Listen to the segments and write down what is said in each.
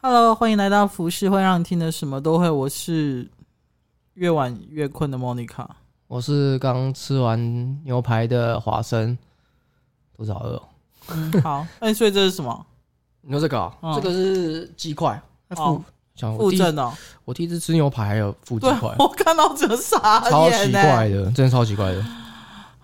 Hello，歡迎來到服飾會讓你聽的什麼都會。我是越晚越困的 Monica，我是剛吃完牛排的華生，肚子好餓。 嗯，好。哎、欸，所以這是什麼？你說這個、啊？哦、這個是雞塊。哦，附贈哦。我第一次吃牛排還有附雞塊，我看到這傻眼，超奇怪的，真的超奇怪的。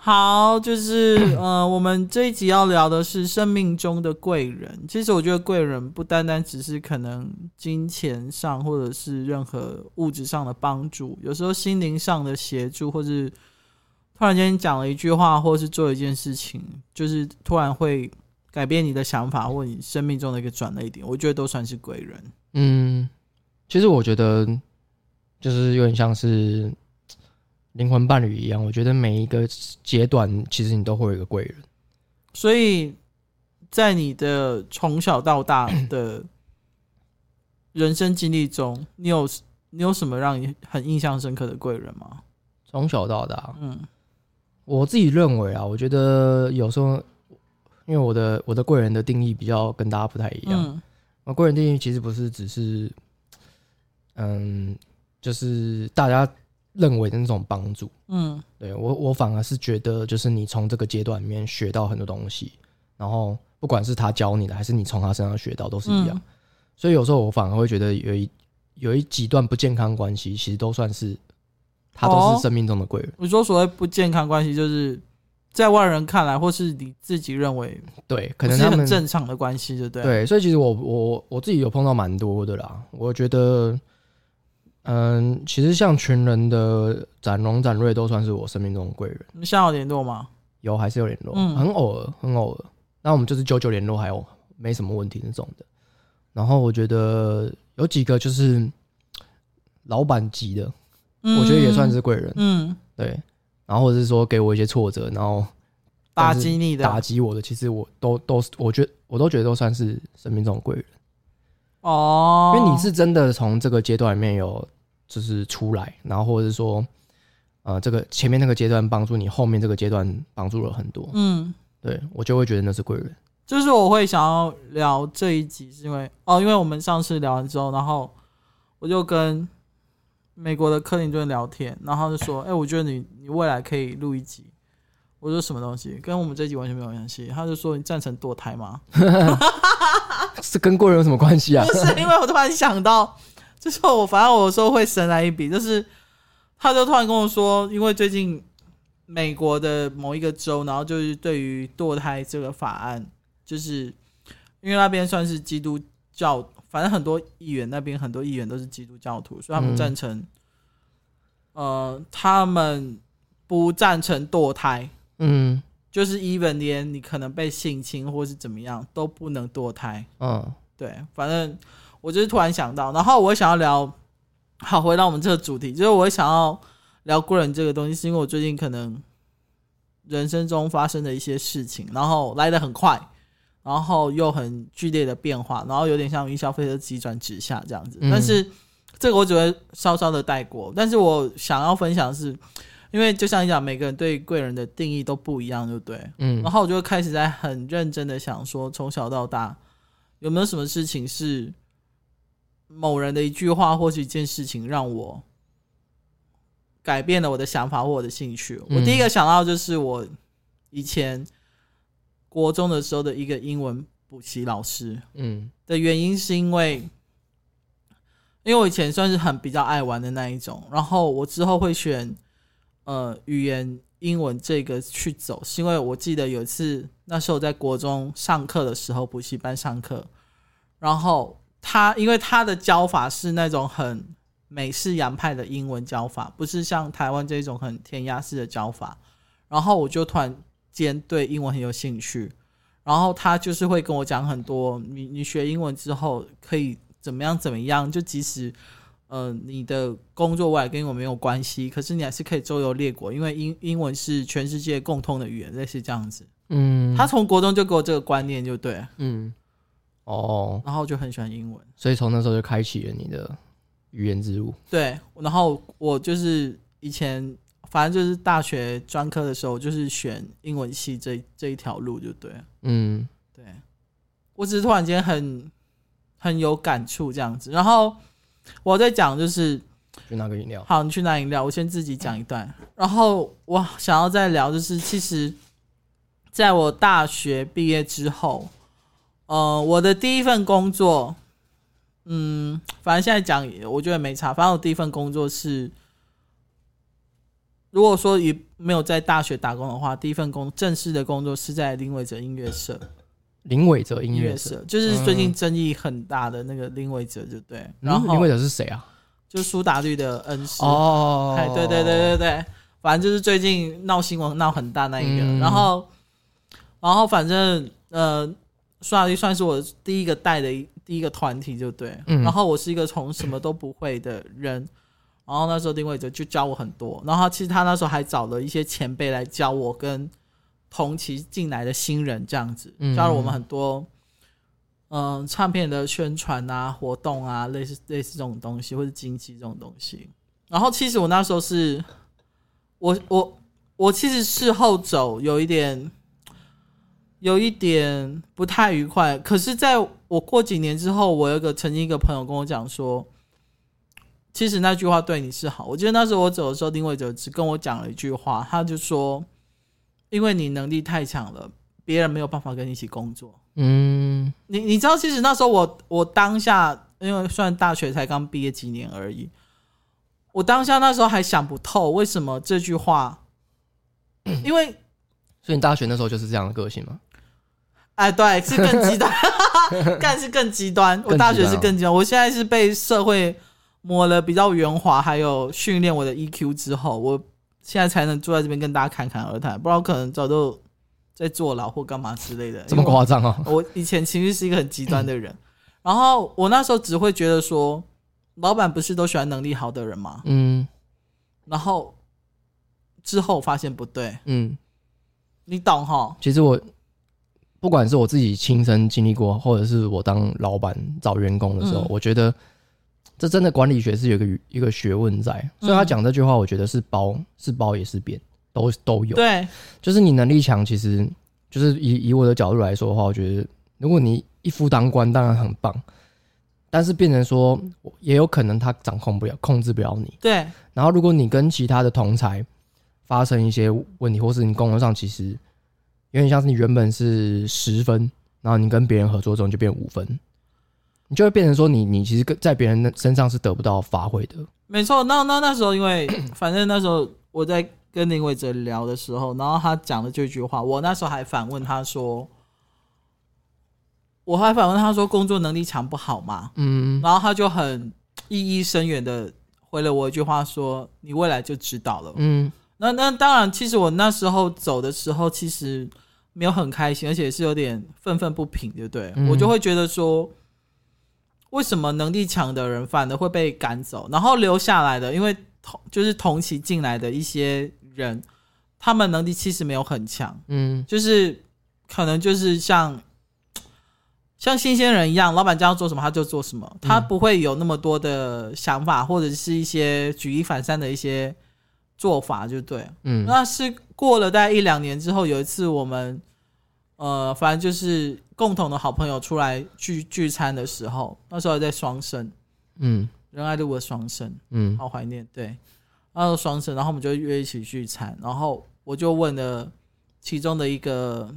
好，就是呃，我們這一集要聊的是生命中的貴人。其實我覺得貴人不單單只是可能金錢上或者是任何物質上的幫助，有時候心靈上的協助，或是突然間講了一句話，或是做一件事情，就是突然會改變你的想法，或你生命中的一個轉捩點，我覺得都算是貴人。嗯，其實我覺得就是有點像是。靈魂伴侶一樣，我覺得每一個階段，其實你都會有一個貴人。所以，在你的從小到大的 人生經歷中，你有你有什麼讓你很印象深刻的貴人嗎？從小到大，嗯，我自己認為啊，我覺得有時候，因為我的我的貴人的定義比較跟大家不太一樣。嗯，我貴人定義其實不是只是，嗯，就是大家。認為的那種幫助，嗯，對我我反而是覺得，就是你從這個階段裡面學到很多東西，然後不管是他教你的，還是你從他身上學到，都是一樣。嗯，所以有時候我反而會覺得有，有一有一幾段不健康關係，其實都算是他都是生命中的貴人。哦，你說所謂不健康關係，就是在外人看來，或是你自己認為對，可能是很正常的關係，對不對？對，所以其實我我我自己有碰到蠻多的啦，我覺得。嗯，其實像群人的展榮、展瑞都算是我生命中的貴人。你下有聯絡嗎？有，還是有聯絡？嗯，很，很偶爾，很偶爾。那我們就是久久聯絡，還有沒什麼問題那種的。然後我覺得有幾個就是老闆級的，嗯、我覺得也算是貴人。嗯，對。然後或者是說，給我一些挫折，然後打擊你的、打擊我的，其實我都都是，我覺得我都覺得都算是生命中的貴人。哦，因為你是真的從這個階段裡面有。就是出來，然後或者是說，呃，這個前面那個階段幫助你，後面這個階段幫助了很多。嗯，對我就會覺得那是貴人。就是我會想要聊這一集，是因為哦，因為我們上次聊完之後，然後我就跟美國的柯林就聊天，然後他就說：“哎、欸，我覺得你你未來可以錄一集。”我說：“什麼東西？跟我們這集完全沒有關係。”他就說：“你贊成墮胎嗎？” 是跟貴人有什麼關係啊？就是，因為我突然想到。就是我，反正我說會神來一筆，就是他就突然跟我說，因為最近美國的某一個州，然後就是對於墮胎這個法案，就是因為那邊算是基督教，反正很多議員那邊很多議員都是基督教徒，所以他們贊成，嗯、呃，他們不贊成墮胎，嗯，就是 even 連你可能被性侵或是怎麼樣都不能墮胎，嗯，哦、對，反正。我就是突然想到，然後我想要聊，好，回到我們這個主題，就是我想要聊貴人這個東西，是因為我最近可能人生中發生的一些事情，然後來得很快，然後又很劇烈的變化，然後有點像雲霄飛車急轉直下這樣子。但是、嗯、這個我只會稍稍的帶過，但是我想要分享的是，因為就像你講，每個人對貴人的定義都不一樣，對不對？嗯。然後我就開始在很認真的想說，從小到大有沒有什麼事情是。某人的一句話，或者一件事情，讓我改變了我的想法或我的興趣。我第一個想到就是我以前國中的時候的一個英文補習老師，嗯，的原因是因為，因為我以前算是很比較愛玩的那一種，然後我之後會選呃語言英文這個去走，是因為我記得有一次那時候我在國中上課的時候，補習班上課，然後。他因為他的教法，是那種很美式洋派的英文教法，不是像台灣這種很填鴨式的教法。然後我就突然間對英文很有興趣。然後他就是會跟我講很多，你你學英文之後可以怎麼樣怎麼樣，就即使呃你的工作外跟我沒有關係，可是你還是可以周遊列國，因為英英文是全世界共通的語言，類似這樣子。嗯。他從國中就給我這個觀念，就對。嗯。哦，oh, 然後就很喜歡英文，所以從那時候就開啟了你的語言之路。對，然後我就是以前反正就是大學專科的時候，就是選英文系這一這一條路就對了。嗯，對。我只是突然間很很有感觸這樣子，然後我在講就是去拿個飲料，好，你去拿飲料，我先自己講一段，然後我想要再聊就是其實，在我大學畢業之後。呃，我的第一份工作，嗯，反正現在講，我覺得沒差。反正我第一份工作是，如果說也沒有在大學打工的話，第一份工正式的工作是在林暐哲音樂社。林暐哲音樂社，音樂社就是最近爭議很大的那個林暐哲，就對。嗯、然後林暐哲是誰啊？就是蘇打綠的恩師哦、哎。對對對對對，反正就是最近鬧新聞鬧很大那一個。嗯、然後，然後反正呃。算算是我第一個帶的，第一個團體就對。嗯、然後我是一個從什麼都不會的人，然後那時候丁偉哲就教我很多。然後其實他那時候還找了一些前輩來教我，跟同期進來的新人這樣子，教了我們很多，嗯，嗯，唱片的宣傳啊、活動啊，類似類似這種東西，或者經濟這種東西。然後其實我那時候是，我我我其實事後走有一點。有一點不太愉快，可是，在我過幾年之後，我有個曾經一個朋友跟我講說，其實那句話對你是好。我記得那時候我走的時候，丁偉哲只跟我講了一句話，他就說，因為你能力太強了，別人沒有辦法跟你一起工作。嗯，你你知道，其實那時候我我當下，因為算大學才剛畢業幾年而已，我當下那時候還想不透為什麼這句話，因為，所以你大學那時候就是這樣的個性嗎？哎，對，是更極端，哈哈哈，幹是更極端。我大學是更極端，我現在是被社會抹了比較圓滑，還有訓練我的 EQ 之後，我現在才能坐在這邊跟大家侃侃而談。不然我可能早都，在坐牢或幹嘛之類的。這麼誇張啊！我以前其實是一個很極端的人，哦、然後我那時候只會覺得說，老板不是都喜歡能力好的人嗎？嗯，然後之後發現不對，嗯，你懂哈？其實我。不管是我自己親身經歷過，或者是我當老板找員工的時候，嗯、我覺得這真的管理學是有一個一個學問在。嗯、所以他講這句話，我覺得是褒是褒也是貶，都都有。對，就是你能力強，其實就是以以我的角度來說的話，我覺得如果你一夫當關，當然很棒。但是變成說，也有可能他掌控不了，控制不了你。對。然後，如果你跟其他的同儕發生一些問題，或是你工作上其實。有點像是你原本是十分，然後你跟別人合作中就變五分，你就會變成說你你其實跟在別人的身上是得不到發揮的。沒錯，那那那時候因為 反正那時候我在跟林韋哲聊的時候，然後他講了這句話，我那時候還反問他說，我還反問他說工作能力強不好嗎？嗯，然後他就很意義深遠的回了我一句話說：“你未來就知道了。”嗯，那那當然，其實我那時候走的時候，其實。沒有很開心，而且也是有點憤憤不平，對不對？嗯、我就會覺得說，為什麼能力強的人反而會被趕走，然後留下來的，因為同就是同期進來的一些人，他們能力其實沒有很強，嗯，就是可能就是像像新鮮人一樣，老板這樣做什麼他就做什麼，他不會有那麼多的想法，嗯、或者是一些舉一反三的一些做法，就對，嗯，那是。過了大概一兩年之後，有一次我們，呃，反正就是共同的好朋友出來聚聚餐的時候，那時候還在雙生，嗯，仁愛路的雙生，嗯，好懷念。對，那時候雙生，然後我們就約一起聚餐，然後我就問了其中的一個，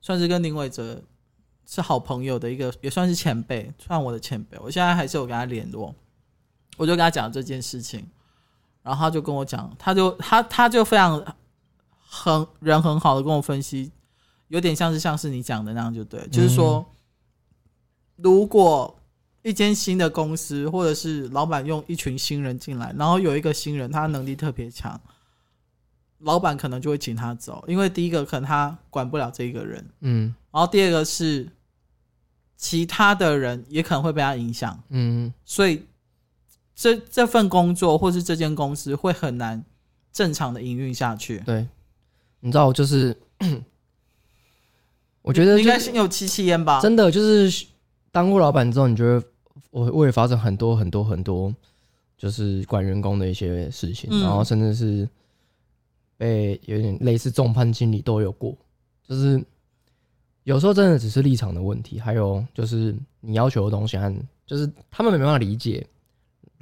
算是跟林偉哲是好朋友的一個，也算是前輩，算我的前輩，我現在還是有跟他聯絡，我就跟他講這件事情。然後他就跟我講，他就他他就非常很人很好的跟我分析，有點像是像是你講的那樣，就對，嗯、就是說，如果一間新的公司或者是老闆用一群新人進來，然後有一個新人他能力特別強，老闆可能就會請他走，因為第一個可能他管不了這一個人，嗯，然後第二個是其他的人也可能會被他影響，嗯，所以。這這份工作或是這間公司會很難正常的營運下去。對，你知道，就是 我覺得、就是、應該先有七七煙吧。真的，就是當過老闆之後，你覺得我我也發生很多很多很多，就是管員工的一些事情，嗯、然後甚至是被有點類似眾叛親離都有過。就是有時候真的只是立場的問題，還有就是你要求的東西，很，就是他們沒辦法理解。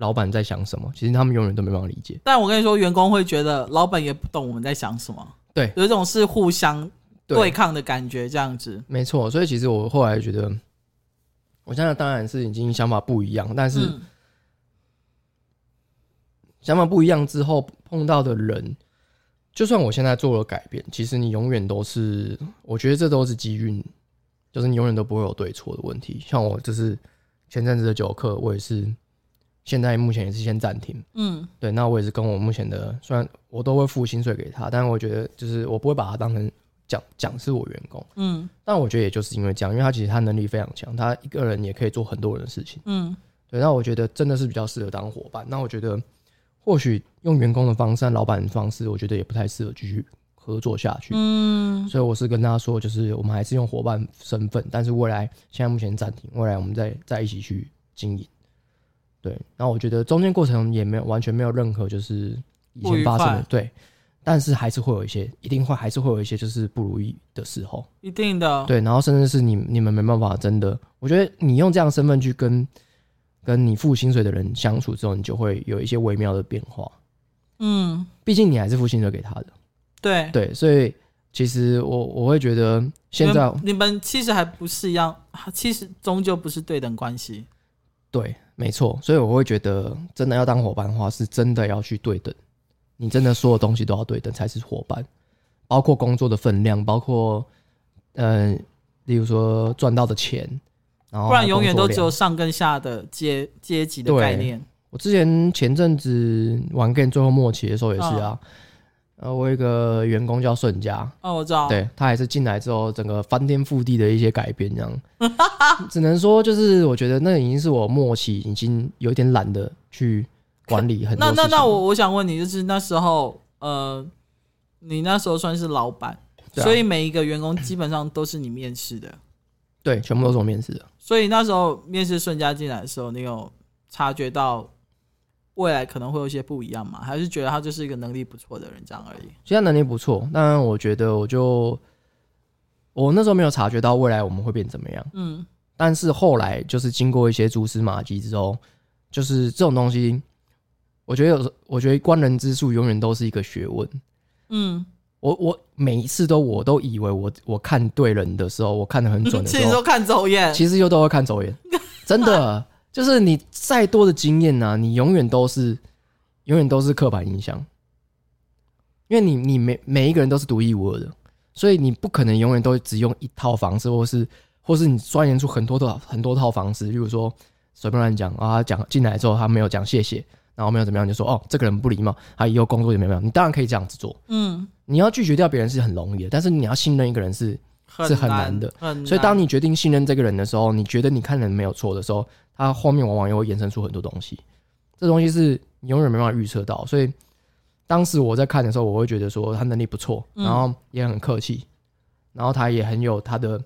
老闆在想什麼？其實他們永遠都沒辦法理解。但我跟你說，員工會覺得老闆也不懂我們在想什麼。對，有一種是互相對抗的感覺，這樣子。沒錯，所以其實我後來覺得，我現在當然是已經想法不一樣，但是、嗯、想法不一樣之後碰到的人，就算我現在做了改變，其實你永遠都是，我覺得這都是機運，就是你永遠都不會有對錯的問題。像我就是前陣子的九課，我也是。現在目前也是先暫停。嗯，對，那我也是跟我目前的，雖然我都會付薪水給他，但我覺得就是我不會把他當成講講是我員工。嗯，但我覺得也就是因為這樣，因為他其實他能力非常強，他一個人也可以做很多人的事情。嗯，對，那我覺得真的是比較適合當夥伴。那我覺得或許用員工的方式和老闆的方式，我覺得也不太適合繼續合作下去。嗯，所以我是跟他說，就是我們還是用夥伴身份，但是未來現在目前暫停，未來我們再再一起去經營。對，然後我覺得中間過程也沒有完全沒有任何就是以前發生的對，但是還是會有一些，一定會還是會有一些就是不如意的時候，一定的。對，然後甚至是你你們沒辦法真的，我覺得你用這樣的身份去跟跟你付薪水的人相處之後，你就會有一些微妙的變化，嗯，畢竟你還是付薪水給他的，對對，所以其實我我會覺得現在你們其實還不是一樣，啊，其實終究不是對等關係，對。沒錯，所以我會覺得，真的要當夥伴的話，是真的要去對等。你真的所有東西都要對等才是夥伴，包括工作的分量，包括，嗯、呃，例如說賺到的錢，然後不然永遠都只有上跟下的階階級的概念。我之前前陣子玩 Game 最後末期的時候也是啊。哦呃，我有一個員工叫順家，哦，我知道、啊，對他還是進來之後整個翻天覆地的一些改變，這樣，只能說就是我覺得那已經是我默契，已經有點懶得去管理很多事情 那。那那那，那，那我我想問你，就是那時候，呃，你那時候算是老板，對啊、所以每一個員工基本上都是你面試的，對，全部都是我面試的。所以那時候面試順家進來的時候，你有察覺到？未來可能會有一些不一樣嘛，還是覺得他就是一個能力不錯的人這樣而已。現在能力不錯，那我覺得我就我那時候沒有察覺到未來我們會變怎麼樣。嗯，但是後來就是經過一些蛛絲馬跡之後，就是這種東西，我覺得有時候我覺得觀人之術永遠都是一個學問。嗯，我我每一次都我都以為我我看對人的時候，我看的很準的時候，嗯、其實都看走眼，其實又都會看走眼， 真的。 就是你再多的經驗啊，你永遠都是永遠都是刻板印象，因為你你每每一個人都是獨一無二的，所以你不可能永遠都只用一套方式，或是或是你鑽研出很多套很多套方式。比如說隨便亂講啊，講進來之後他沒有講謝謝，然後沒有怎麼樣，你就說哦這個人不禮貌，他以後工作怎麼樣？你當然可以這樣子做，嗯，你要拒絕掉別人是很容易的，但是你要信任一個人是很難，是很難的。很難。所以當你決定信任這個人的時候，你覺得你看人沒有錯的時候。他後面往往又會延伸出很多東西，這東西是你永遠沒辦法預測到。所以當時我在看的時候，我會覺得說他能力不錯，然後也很客氣，然後他也很有他的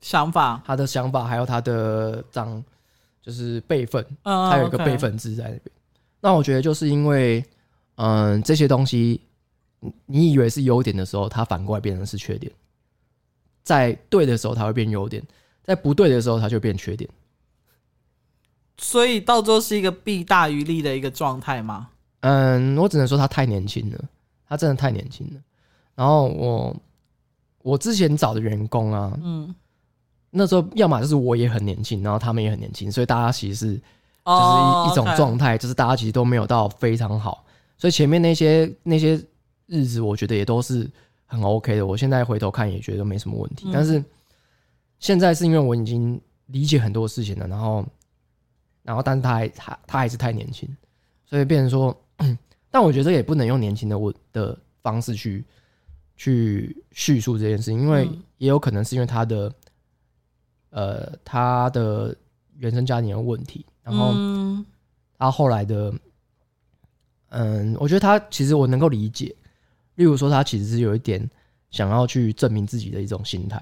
想法，他的想法還有他的長就是輩分，他有一個輩分制在那邊。那我覺得就是因為，嗯，這些東西你以為是優點的時候，它反過來變成是缺點。在對的時候，它會變優點；在不對的時候，它就變缺點。所以到最後是一個弊大於利的一個狀態嗎？嗯，我只能說他太年輕了，他真的太年輕了。然後我我之前找的員工啊，嗯，那時候要麼就是我也很年輕，然後他們也很年輕，所以大家其實是就是一，oh, okay，一種狀態，就是大家其實都沒有到非常好。所以前面那些那些日子，我覺得也都是很 OK 的。我現在回頭看也覺得沒什麼問題，嗯、但是現在是因為我已經理解很多事情了，然後。然後，但是他還他，他還是太年輕，所以變成說，但我覺得也不能用年輕的我的方式去去敘述這件事情，因為也有可能是因為他的，呃，他的原生家庭有問題，然後他、嗯、後，後來的，嗯，我覺得他其實我能夠理解，例如說他其實是有一點想要去證明自己的一種心態，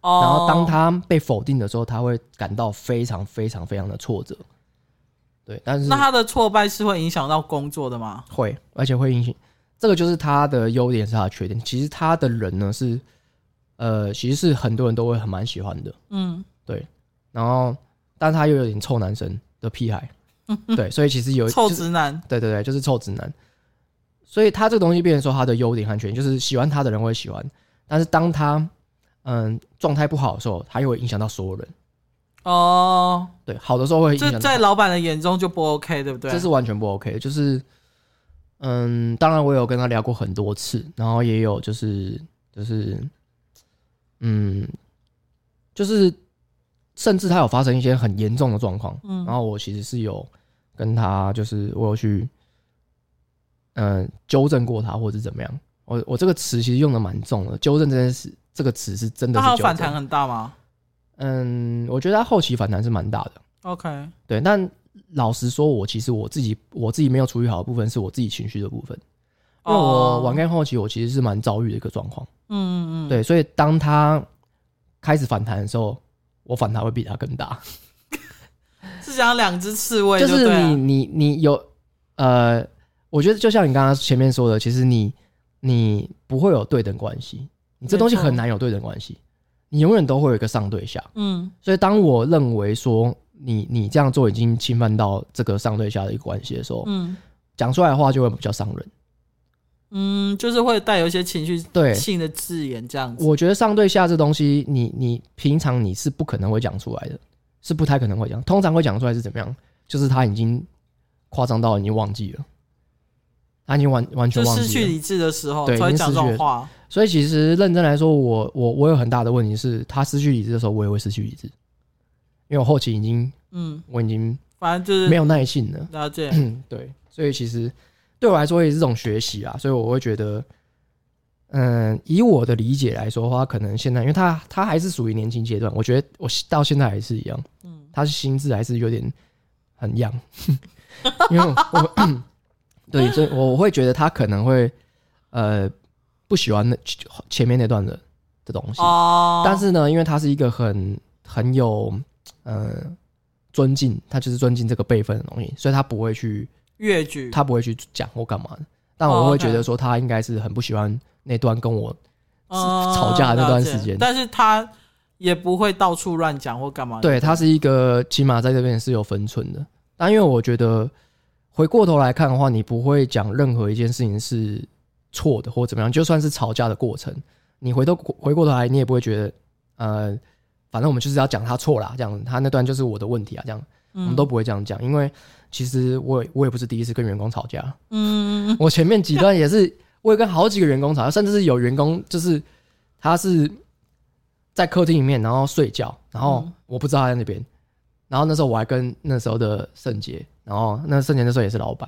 哦、然後當他被否定的時候，他會感到非常非常非常的挫折。對，但是那他的挫敗是會影響到工作的嗎？會，而且會影響。這個就是他的優點是他的缺點。其實他的人呢是，呃，其實是很多人都會很蠻喜歡的。嗯，對。然後，但他又有點臭男生的屁孩。嗯哼，對。所以其實有臭直男，就是。對對對，就是臭直男。所以他這個東西變成說他的優點和缺點，就是喜歡他的人會喜歡，但是當他嗯狀態不好的時候，他又會影響到所有人。哦，oh, 對，好的時候會這在老闆的眼中就不 OK，對不對？這是完全不 OK 就是，嗯，當然我有跟他聊過很多次，然後也有就是就是，嗯，就是甚至他有發生一些很嚴重的狀況，嗯，然後我其實是有跟他就是我有去，嗯，糾正過他或者怎麼樣，我我這個詞其實用的蠻重的，糾正這、這個、真的是這個詞是真的，他有反彈很大嗎？嗯，我覺得他後期反彈是蠻大的。OK，對，但老實說，我其實我自己我自己沒有處理好的部分是我自己情緒的部分，oh. 因為我玩跟後期，我其實是蠻遭遇的一個狀況。嗯嗯嗯，對，所以當他開始反彈的時候，我反彈會比他更大， 是講兩隻刺蝟，啊，就是你你你有呃，我覺得就像你剛剛前面說的，其實你你不會有對等關係，你這東西很難有對等關係。你永遠都會有一個上對下，嗯，所以當我認為說你你這樣做已經侵犯到這個上對下的一個關係的時候，嗯，講出來的話就會比較傷人，嗯，就是會帶有一些情緒性的字眼這樣子。我覺得上對下這東西，你你平常你是不可能會講出來的，是不太可能會講。通常會講出來是怎麼樣？就是他已經誇張到你忘記了，他已經完完全忘記了，就失去理智的時候對才會講這種話。所以其實認真來說我，我我我有很大的問題是他失去理智的時候，我也會失去理智，因為我後期已經嗯，我已經反正就是沒有耐性了。了解。 對，所以其實對我來說也是這種學習啊。所以我會覺得，嗯、呃，以我的理解來說的話，可能現在因為他他還是屬於年輕階段，我覺得我到現在還是一樣，嗯，他是心智還是有點很 young 因為我 對，所以我會覺得他可能會呃。不喜歡那前面那段的的東西，哦、但是呢，因為他是一個很很有呃尊敬，他就是尊敬這個輩分的東西，所以他不會去越矩，舉他不會去講或幹嘛，但我會覺得說他應該是很不喜歡那段跟我、哦、是吵架的那段時間、嗯，但是他也不會到處亂講或幹嘛對。對他是一個起碼在這邊是有分寸的。但因為我覺得回過頭來看的話，你不會講任何一件事情是。錯的或者怎麼樣，就算是吵架的過程，你回頭回過頭來，你也不會覺得，呃，反正我們就是要講他錯啦，這樣，他那段就是我的問題啊，這樣，嗯、我們都不會這樣講，因為其實我我也不是第一次跟員工吵架，嗯，我前面幾段也是，我也跟好幾個員工吵架，甚至是有員工就是他是在客廳裡面，然後睡覺，然後我不知道他在那邊，然後那時候我還跟那時候的聖杰，然後那聖杰那時候也是老闆，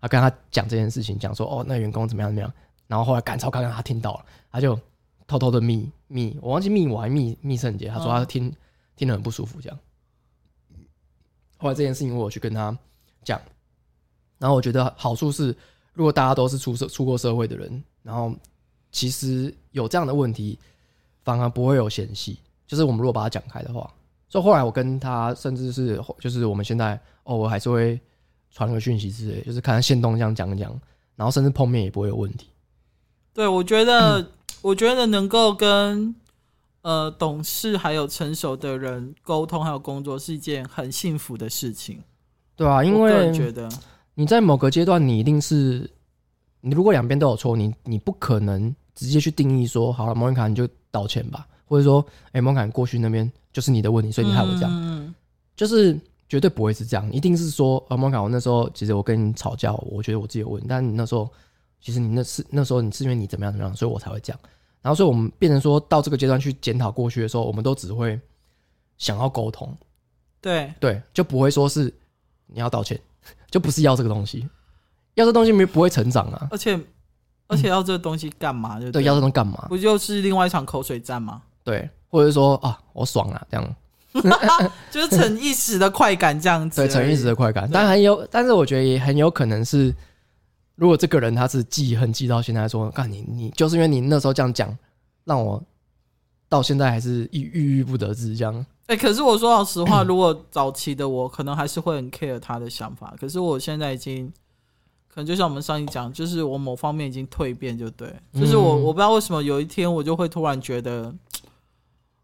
啊，跟他講這件事情，講說哦，那員工怎麼樣怎麼樣。然後後來趕超剛剛他聽到了，他就偷偷的密密，我忘記密我還密密聖杰，他說他聽、哦、聽的很不舒服這樣。後來這件事情我去跟他講，然後我覺得好處是，如果大家都是出社出過社會的人，然後其實有這樣的問題，反而不會有嫌隙。就是我們如果把它講開的話，所以後來我跟他甚至是就是我們現在哦，我還是會傳個訊息之類，就是看他限動這樣講一講，然後甚至碰面也不會有問題。對，我覺得，嗯、我覺得能夠跟呃懂事還有成熟的人溝通，還有工作是一件很幸福的事情，對啊，因為你覺得你在某個階段，你一定是你如果兩邊都有錯，你你不可能直接去定義說好了，莫云卡你就道歉吧，或者說，哎、欸，莫云卡過去那邊就是你的問題，所以你害我這樣，嗯、就是絕對不會是這樣，一定是說啊，呃、莫雲卡，我那時候其實我跟你吵架，我覺得我自己有問，但你那時候。其實你那是那時候，你是因為你怎麼樣怎麼樣，所以我才會這樣。然後，所以我們變成說到這個階段去檢討過去的時候，我們都只會想要溝通，對對，就不會說是你要道歉，就不是要這個東西，要這個東西沒不會成長啊，而且而且要這個東西幹嘛？嗯，對，對要這種幹嘛？不就是另外一場口水戰嗎？對，或者說啊，我爽啊，這樣， 就是逞一時的快感這樣子，對，逞一時的快感。對但很有，但是我覺得也很有可能是。如果這個人他是記恨記到現在，說“幹你，你就是因為你那時候這樣講，讓我到現在還是鬱鬱鬱不得志。”這樣，哎、欸，可是我說老實話， 如果早期的我，可能還是會很 care 他的想法。可是我現在已經，可能就像我們上一講，就是我某方面已經蛻變，就對，就是我我不知道為什麼有一天我就會突然覺得，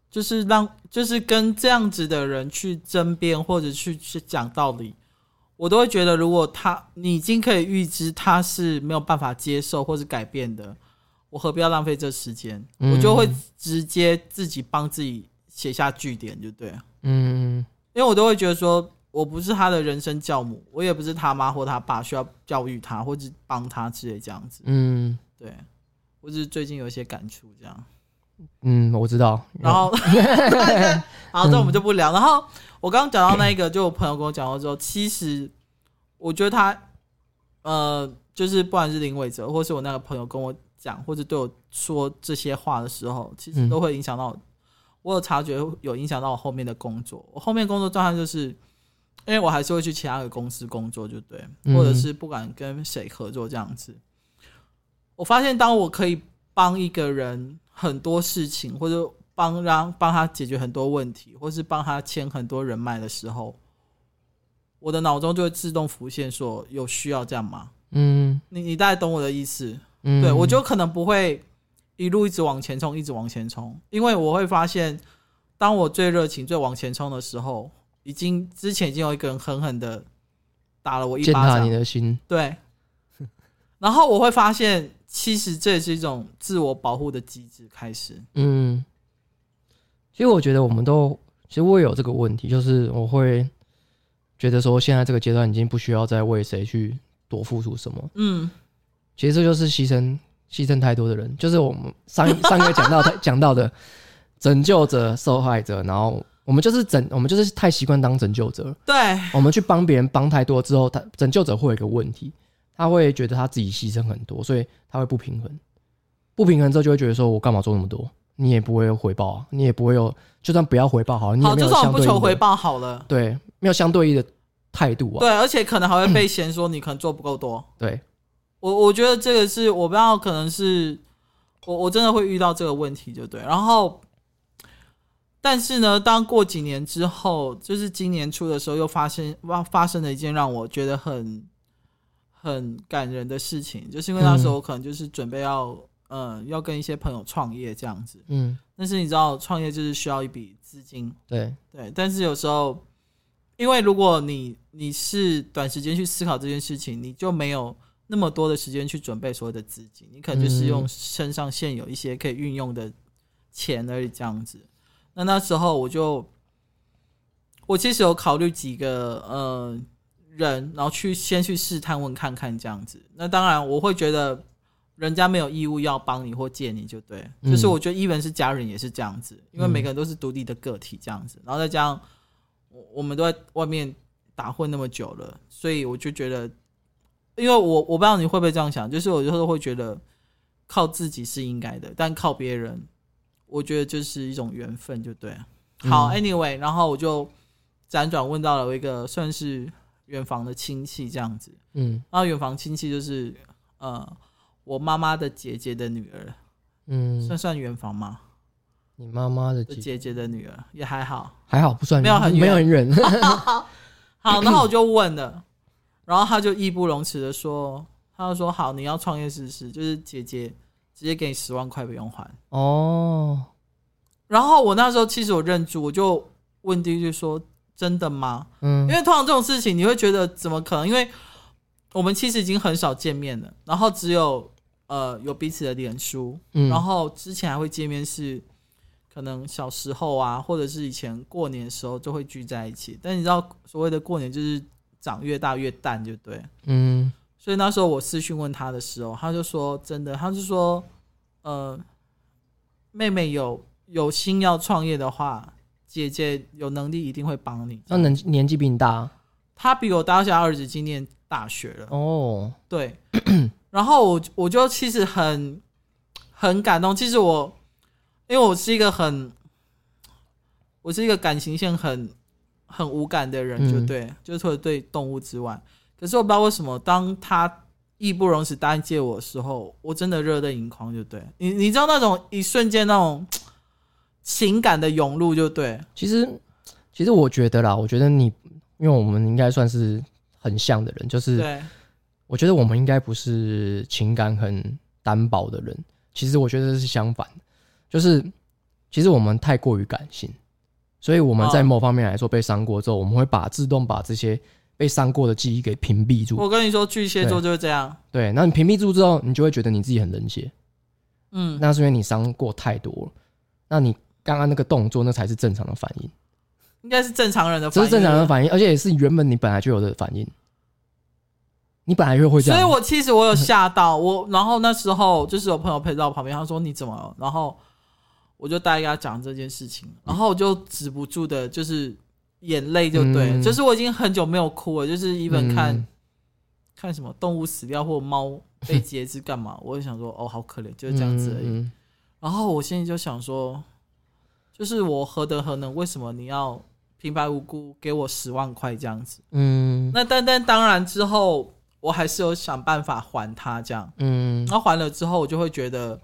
就是讓就是跟這樣子的人去爭辯或者去去講道理。我都會覺得，如果他你已經可以預知他是沒有辦法接受或者改變的，我何必要浪費這時間？嗯、我就會直接自己幫自己寫下句點，就對了。嗯，因為我都會覺得說，我不是他的人生教母，我也不是他媽或他爸，需要教育他或者幫他之類這樣子。嗯，對。我只是最近有一些感觸，這樣。嗯，我知道。然後， 好，這、 嗯、我們就不聊。然後。我剛剛講到那一個，就我朋友跟我講過之後，其實我覺得他，呃，就是不管是林偉哲，或是我那個朋友跟我講，或者對我說這些話的時候，其實都會影響到我，我，有察覺，有影響到我後面的工作。我後面工作狀態就是，因為我還是會去其他的公司工作，就對，或者是不管跟誰合作這樣子。我發現，當我可以幫一個人很多事情，或者幫讓幫他解決很多問題，或是幫他牽很多人脈的時候，我的腦中就會自動浮現說，有需要這樣嗎？嗯，你你大概懂我的意思，嗯，對，我就可能不會一路一直往前衝，一直往前衝，因為我會發現，當我最熱情、最往前衝的時候，已經之前已經有一個人狠狠的打了我一巴掌，踐踏你的心，對，然後我會發現，其實這也是一種自我保護的機制開始，嗯。其實我覺得我們都其實我也有這個問題，就是我會覺得說現在這個階段已經不需要再為誰去多付出什麼。嗯，其實這就是犧牲犧牲太多的人，就是我們上上個月講到講 到的拯救者受害者，然後我們就是拯我們就是太習慣當拯救者，對我們去幫別人幫太多之後，他拯救者會有一個問題，他會覺得他自己犧牲很多，所以他會不平衡，不平衡之後就會覺得說我幹嘛做那麼多。你也不會有回報啊，你也不會有，就算不要回報好了，好，你也有就算不求回報好了，對，沒有相對應的態度啊。對，而且可能還會被嫌說你可能做不夠多。 對，我我覺得這個是我不知道，可能是我我真的會遇到這個問題，就對。然後，但是呢，當過幾年之後，就是今年初的時候，又發生發生了一件讓我覺得很很感人的事情，就是因為那時候我可能就是準備要，嗯。嗯、呃，要跟一些朋友創業這樣子，嗯，但是你知道創業就是需要一筆資金，對對，但是有時候，因為如果你你是短時間去思考這件事情，你就沒有那麼多的時間去準備所有的資金，你可能就是用身上現有一些可以運用的錢而已這樣子。嗯、那那時候我就，我其實有考慮幾個呃人，然後去先去試探問看看這樣子。那當然我會覺得。人家沒有義務要幫你或借你就對，就是我覺得 even 是家人也是這樣子，因為每個人都是獨立的個體這樣子，然後再加上我們都在外面打混那麼久了，所以我就覺得，因為我我不知道你會不會這樣想，就是我有時候會覺得靠自己是應該的，但靠別人，我覺得就是一種緣分，就對。好，Anyway，然後我就輾轉問到了一個算是遠房的親戚這樣子，嗯，然後遠房親戚就是呃。我媽媽的姐姐的女兒，嗯，算算遠房嗎？你媽媽的姐，姐姐的女兒也還好，還好不算沒有，很遠沒很遠，好，然後我就問了，然後他就義不容辭的說，他就說好，你要創業試試，就是姐姐直接給你十萬塊不用還哦。然後我那時候其實我認住，我就問第一句說真的嗎？嗯，因為通常這種事情你會覺得怎麼可能？因為我們其實已經很少見面了，然後只有。呃，有彼此的臉書，嗯、然後之前還會見面是，是可能小時候啊，或者是以前過年的時候就會聚在一起。但你知道，所謂的過年就是長越大越淡，對不對？嗯。所以那時候我私訊問他的時候，他就說：“真的，他就說，呃，妹妹有有心要創業的話，姐姐有能力一定會幫你。”那年、啊、年紀比你大，他比我大，小兒子今年大學了。哦，對。 然後我我就其實很很感動，其實我因為我是一個很我是一個感情線很很無感的人，就對，嗯、就是除了對動物之外，可是我不知道為什麼，當他義不容辭答應借我的時候，我真的熱淚盈眶，就對。你，你知道那種一瞬間那種情感的湧入，就對。其實其實我覺得啦，我覺得你，因為我們應該算是很像的人，就是。對我覺得我們應該不是情感很單薄的人，其實我覺得這是相反，就是其實我們太過於感性，所以我們在某方面來說被傷過之後，哦，我們會把自動把這些被傷過的記憶給屏蔽住。我跟你說，巨蟹座對就是這樣。對，那你屏蔽住之後，你就會覺得你自己很冷血。嗯，那是因為你傷過太多了。那你剛剛那個動作，那才是正常的反應，應該是正常人的反應，反這是正常的反應，而且也是原本你本來就有的反應。你本來就會這樣，所以我其實我有嚇到我，然後那時候就是有朋友陪在我旁邊，他說你怎麼了？然後我就大概跟他講這件事情，然後我就止不住的，就是眼淚就對，就是我已經很久沒有哭了，就是一本、嗯、看、嗯、看什麼動物死掉或貓被截肢幹嘛，我就想說哦，好可憐，就是這樣子而已。然後我心裡就想說，就是我何德何能，為什麼你要平白無故給我十萬塊這樣子？嗯，那但但當然之後。我還是有想辦法還他這樣，嗯，那還了之後，我就會覺得，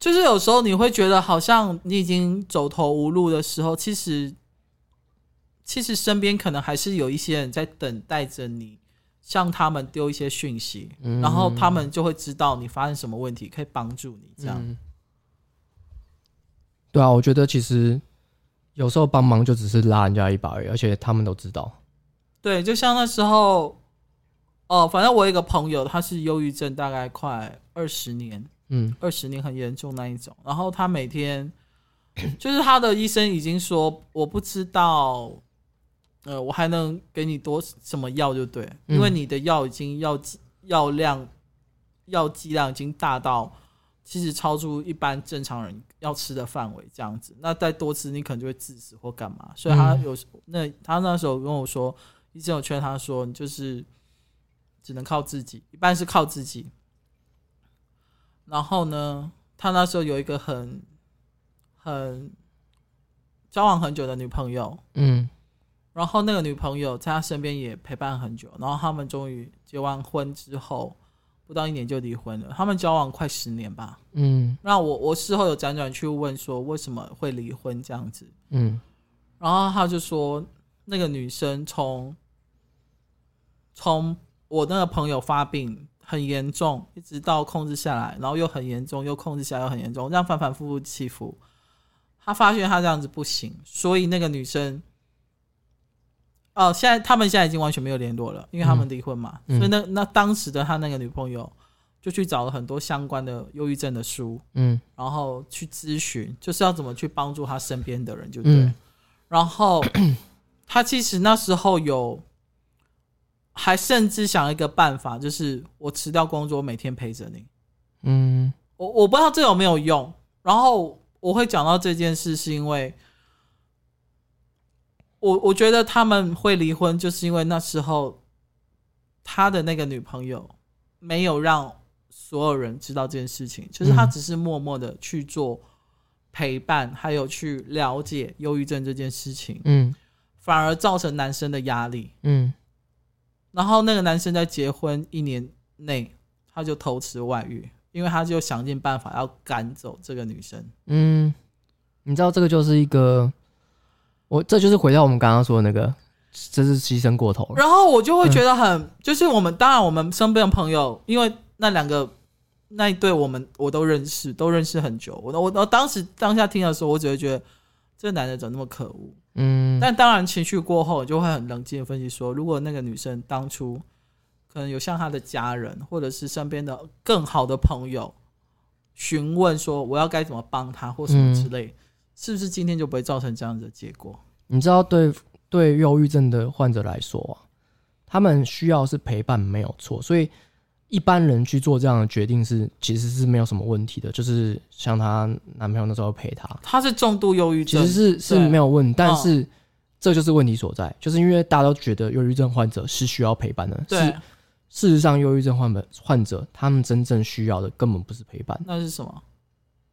就是有時候你會覺得好像你已經走投無路的時候，其實，其實身邊可能還是有一些人在等待着你，向他們丟一些訊息，嗯、然後他們就會知道你發生什麼問題，可以幫助你這樣、嗯。對啊，我覺得其實有時候幫忙就只是拉人家一把而已，而且他們都知道。對，就像那時候。哦，反正我有一個朋友，他是憂鬱症，大概快二十年，嗯，二十年很嚴重那一種。然後他每天就是他的醫生已經說，我不知道，呃，我還能給你多什麼藥，就對，嗯、因為你的藥已經藥藥量藥劑量已經大到其實超出一般正常人要吃的範圍這樣子。那再多吃，你可能就會致死或幹嘛。所以他有、嗯、那他那時候跟我說，醫生有勸他說，你就是。只能靠自己，一般是靠自己。然後呢，他那時候有一個很、很交往很久的女朋友，嗯，然後那個女朋友在他身邊也陪伴很久，然後他們終於結完婚之後，不到一年就離婚了。他們交往快十年吧，嗯。那我我事後有輾轉去問說為什麼會離婚這樣子，嗯，然後他就說那個女生從從我那個朋友發病很嚴重，一直到控制下來，然後又很嚴重，又控制下來，又很嚴重，這樣反反复覆起伏。他發現他這樣子不行，所以那個女生，哦、呃，現在他們現在已經完全沒有聯絡了，因為他們離婚嘛。嗯嗯、所以那那當時的他那個女朋友就去找了很多相關的憂鬱症的書，嗯，然後去諮詢，就是要怎麼去幫助他身邊的人，就對。嗯、然後他其實那時候有。還甚至想一個辦法，就是我辭掉工作，每天陪着你。嗯，我我不知道這有沒有用。然後我會講到這件事，是因為我我覺得他們會離婚，就是因為那時候他的那個女朋友沒有讓所有人知道這件事情，就是他只是默默的去做陪伴，嗯、還有去了解憂鬱症這件事情。嗯，反而造成男生的壓力。嗯。然後那個男生在結婚一年內，他就偷吃外遇，因為他就想盡辦法要趕走這個女生。嗯，你知道這個就是一個，我這就是回到我們剛剛說的那個，真是犧牲過頭了。然後我就會覺得很，嗯、就是我們當然我們身邊的朋友，因為那兩個那一對我們我都認識，都認識很久。我我我當時當下聽的時候，我只會覺得。這男的怎麼那麼可惡？嗯，但當然情緒過後就會很冷靜的分析說，如果那個女生當初可能有向她的家人或者是身邊的更好的朋友詢問說，我要該怎麼幫她或什麼之類，嗯、是不是今天就不會造成這樣子的結果？你知道對，對對，憂鬱症的患者，來說他們需要是陪伴沒有錯，所以。一般人去做這樣的決定是其實是沒有什麼問題的，就是像她男朋友那時候陪她，她是重度憂鬱症，其實是對是沒有問，但是、哦，這就是問題所在，就是因為大家都覺得憂鬱症患者是需要陪伴的，對是事實上，憂鬱症患們患者他們真正需要的根本不是陪伴，那是什麼？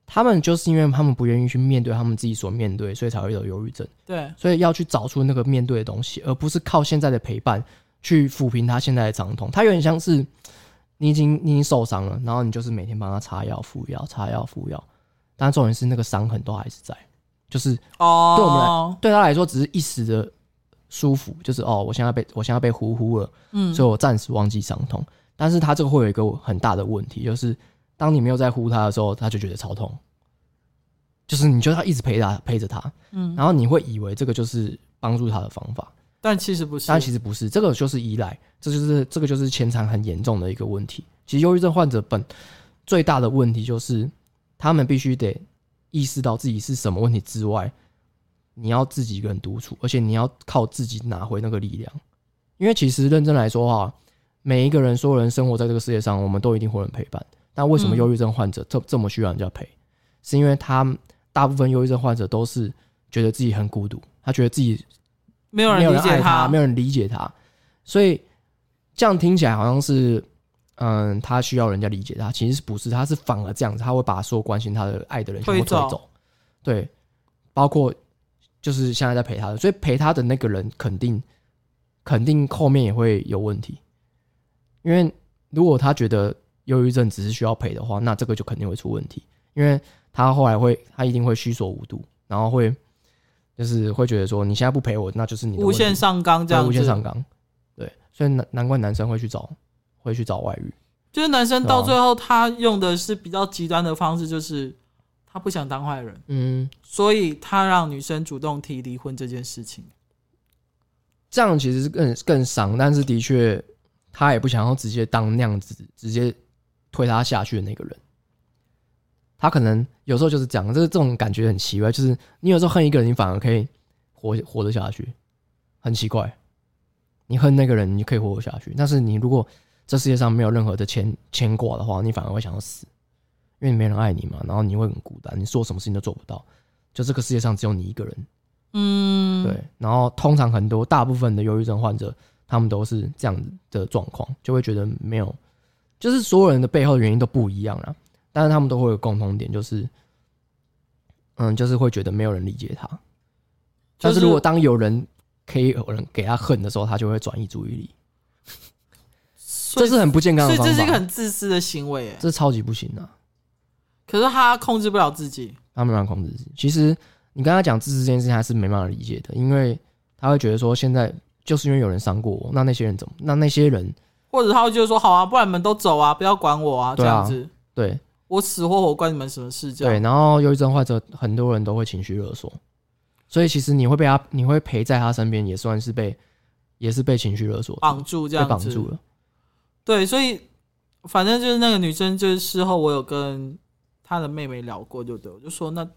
他們就是因為他們不願意去面對他們自己所面對，所以才會有憂鬱症，對，所以要去找出那個面對的東西，而不是靠現在的陪伴去撫平他現在的傷痛，他有點像是。你已經你已經受傷了，然後你就是每天幫他擦藥敷藥擦藥敷藥，但重點是那個傷痕都還是在，就是哦，對我們來、Oh. 對他來說只是一時的舒服，就是哦，我現在被我現在被呼呼了，嗯，所以我暫時忘記傷痛，嗯、但是他這個會有一個很大的問題，就是當你沒有在呼他的時候，他就覺得超痛，就是你就要一直陪他陪着他，他嗯，然後你會以為這個就是幫助他的方法。但其實不是，但其實不是，這個就是依賴，這就是這個就是前場很嚴重的一個問題。其實，憂鬱症患者本最大的問題就是，他們必須得意識到自己是什麼問題之外，你要自己一個人獨處，而且你要靠自己拿回那個力量。因為其實認真來說哈、啊，每一個人，所有人生活在這個世界上，我們都一定會有人陪伴。但為什麼憂鬱症患者這這麼需要人家陪？嗯、是因為他們大部分憂鬱症患者都是覺得自己很孤獨，他覺得自己。沒有,沒有人理解他，沒有人理解他，所以這樣聽起來好像是，嗯，他需要人家理解他，其實不是，他是反而這樣子，他會把所有關心他的、愛的人全部推走，對，包括就是現在在陪他的，所以陪他的那個人肯定肯定後面也會有問題，因為如果他覺得憂鬱症只是需要陪的話，那這個就肯定會出問題，因為他後來會，他一定會需索無度，然後會。就是會覺得說，你現在不陪我，那就是你無限上綱這樣子，無限上綱，對，所以難難怪男生會去找，會去找外遇，就是男生到最後他用的是比較極端的方式，就是他不想當壞人，嗯，所以他讓女生主動提離婚這件事情，這樣其實是更更傷，但是的確他也不想要直接當那樣子，直接推他下去的那個人。他可能有時候就是講，就是這種感覺很奇怪，就是你有時候恨一個人，你反而可以活活得下去，很奇怪。你恨那個人，你可以活得下去。但是你如果這世界上沒有任何的牽牽掛的話，你反而會想要死，因為你沒人愛你嘛，然後你會很孤單，你做什麼事情都做不到，就這個世界上只有你一個人。嗯，對。然後通常很多大部分的憂鬱症患者，他們都是這樣的狀況，就會覺得沒有，就是所有人的背後的原因都不一樣啦。但是他們都會有共同點，就是，嗯，就是會覺得沒有人理解他。就是、但是如果當有人可以有人給他恨的時候，他就會轉移注意力。 這是很不健康的方法的。所以這是一個很自私的行為，欸，這超級不行的啊。可是他控制不了自己，他沒辦法控制自己。嗯，其實你跟他講自私這件事情，他是沒辦法理解的，因為他會覺得說，現在就是因為有人傷過我，那那些人怎麼？那那些人，或者他會就是說，好啊，不然你們都走啊，不要管我啊，這樣子，對，啊、對。我死活我關你們什麼事？對，然後憂鬱症患者很多人都會情緒勒索，所以其實你會被他，你會陪在他身邊，也算是被，也是被情緒勒索綁住，這樣綁住了。對，所以反正就是那個女生，就是事後我有跟她的妹妹聊過，對不對？我就說那，那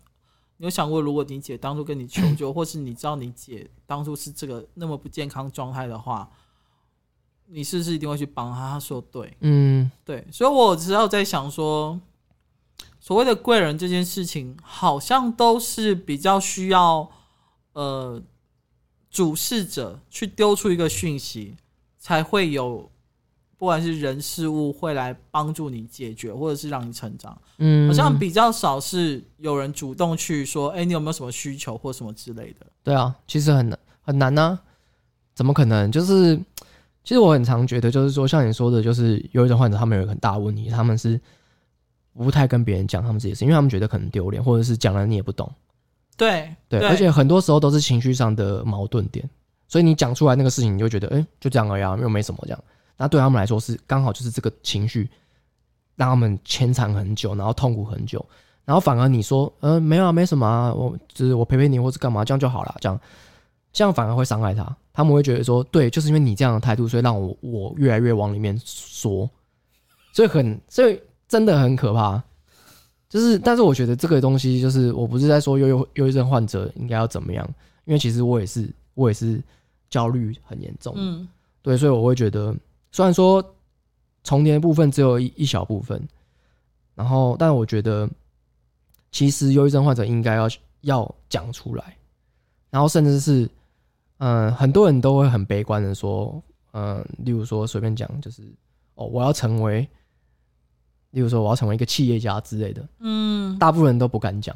你有想過，如果你姐當初跟你求救， 或是你知道你姐當初是這個那麼不健康狀態的話，你是不是一定會去幫她？她說對，嗯，對，所以我只要在想說。所謂的貴人這件事情，好像都是比較需要，呃，主事者去丟出一個訊息，才會有不管是人事物會來幫助你解決，或者是讓你成長。嗯，好像比較少是有人主動去說，哎，你有沒有什麼需求或什麼之類的。對啊，其實很難很難呢，怎麼可能？就是其實我很常覺得，就是說像你說的，就是有一種患者他們有一個很大的問題，他們是。不太跟別人講他們這些事，因為他們覺得可能丟臉，或者是講了你也不懂。對對，對對而且很多時候都是情緒上的矛盾點，所以你講出來那個事情，你就覺得，哎、欸，就這樣而已、啊，又沒什麼這樣。那對他們來說是剛好就是這個情緒讓他們牽纏很久，然後痛苦很久，然後反而你說，嗯、呃，沒有啊，沒什麼啊，我只、就是我陪陪你或是幹嘛，這樣就好了，這樣，這樣反而會傷害他，他們會覺得說，對，就是因為你這樣的態度，所以讓我我越來越往裡面縮，所以很所以。真的很可怕，就是，但是我覺得這個東西就是，我不是在說憂鬱憂鬱症患者應該要怎麼樣，因為其實我也是我也是焦慮很嚴重，嗯，對，所以我會覺得，雖然說重疊的部分只有一一小部分，然後，但我覺得其實憂鬱症患者應該要要講出來，然後甚至是，嗯、呃，很多人都會很悲觀的說，嗯、呃，例如說隨便講就是，哦，我要成為。例如說，我要成為一個企業家之類的，嗯，大部分人都不敢講，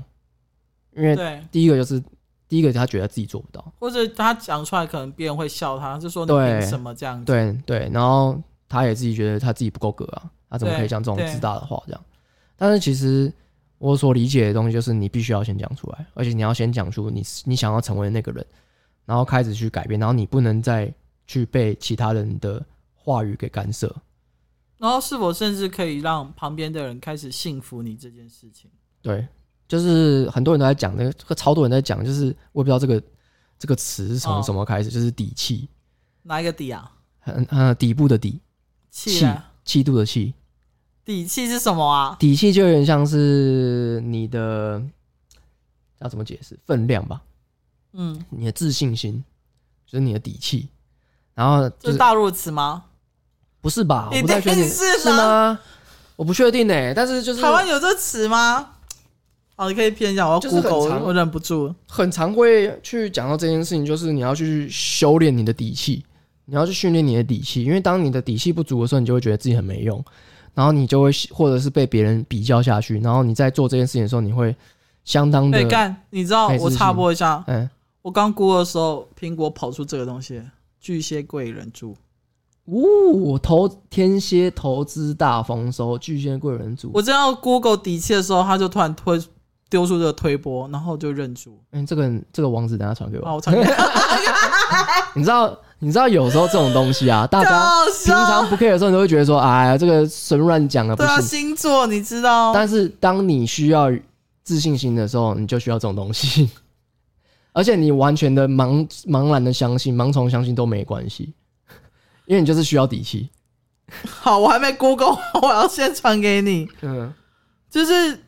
因為第一個就是，對第一個是他覺得自己做不到，或者他講出來可能別人會笑他，就說你憑對什麼這樣子？對對，然後他也自己覺得他自己不夠格啊，他怎麼可以講這種自大的話這樣？但是其實我所理解的東西就是，你必須要先講出來，而且你要先講出你你想要成為的那個人，然後開始去改變，然後你不能再去被其他人的話語給干涉。然後是否甚至可以讓旁邊的人開始信服你這件事情？對，就是很多人都在講、這個，那個超多人在講，就是我也不知道這個這個詞是從什麼開始，哦、就是底氣，哪一個底啊？嗯、呃，底部的底。氣了，氣，氣度的氣，底氣是什麼啊？底氣就有點像是你的要怎麼解釋分量吧？嗯，你的自信心就是你的底氣，然後就是大入詞嗎？不是吧？你你是嗎？我不是嗎？我不確定呢、欸，但是就是台灣有這詞嗎？好、啊，你可以偏講，我要 Google，是很常我忍不住了，很常會去講到這件事情，就是你要去修煉你的底氣，你要去訓練你的底氣，因為當你的底氣不足的時候，你就會覺得自己很沒用，然後你就會或者是被別人比較下去，然後你在做這件事情的時候，你會相當的幹、欸。你知道是不是我插播一下，哎、欸，我剛過的時候，蘋果跑出這個東西，巨蟹貴人豬。嗚、哦，投天蠍投資大豐收，巨蟹貴人組。我正要 Google 底氣的時候，他就突然推丟出這個推播，然後就認輸。嗯、欸，這個這個網址等下傳給我。啊，我傳給你、 啊。你知道，你知道有時候這種東西啊，大家平常不 care 的時候，你都會覺得說，哎呀， 這個神亂講的不行。對啊，星座你知道。但是當你需要自信心的時候，你就需要這種東西。 而且你完全的茫茫然的相信，盲從相信都沒關係。因為你就是需要底氣。好，我還沒 Google，我要先傳給你。嗯，就是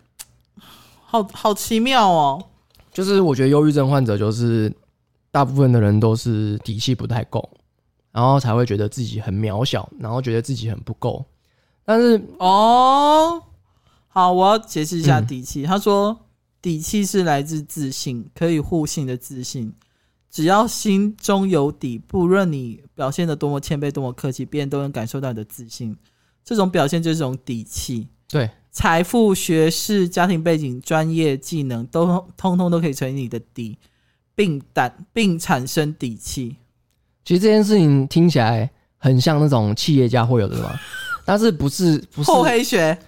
好好奇妙哦。就是我覺得憂鬱症患者就是大部分的人都是底氣不太夠，然後才會覺得自己很渺小，然後覺得自己很不夠。但是哦，好，我要解釋一下底氣。嗯，他說底氣是來自自信，可以互信的自信。只要心中有底，不論你表現得多麼謙卑、多麼客氣，別人都能感受到你的自信。這種表現就是這種底氣。對，財富、學識、家庭背景、專業技能，都通通都可以成為你的底，並產並,並產生底氣。其實這件事情聽起來很像那種企業家會有的嗎？ 但是不是不是厚黑學？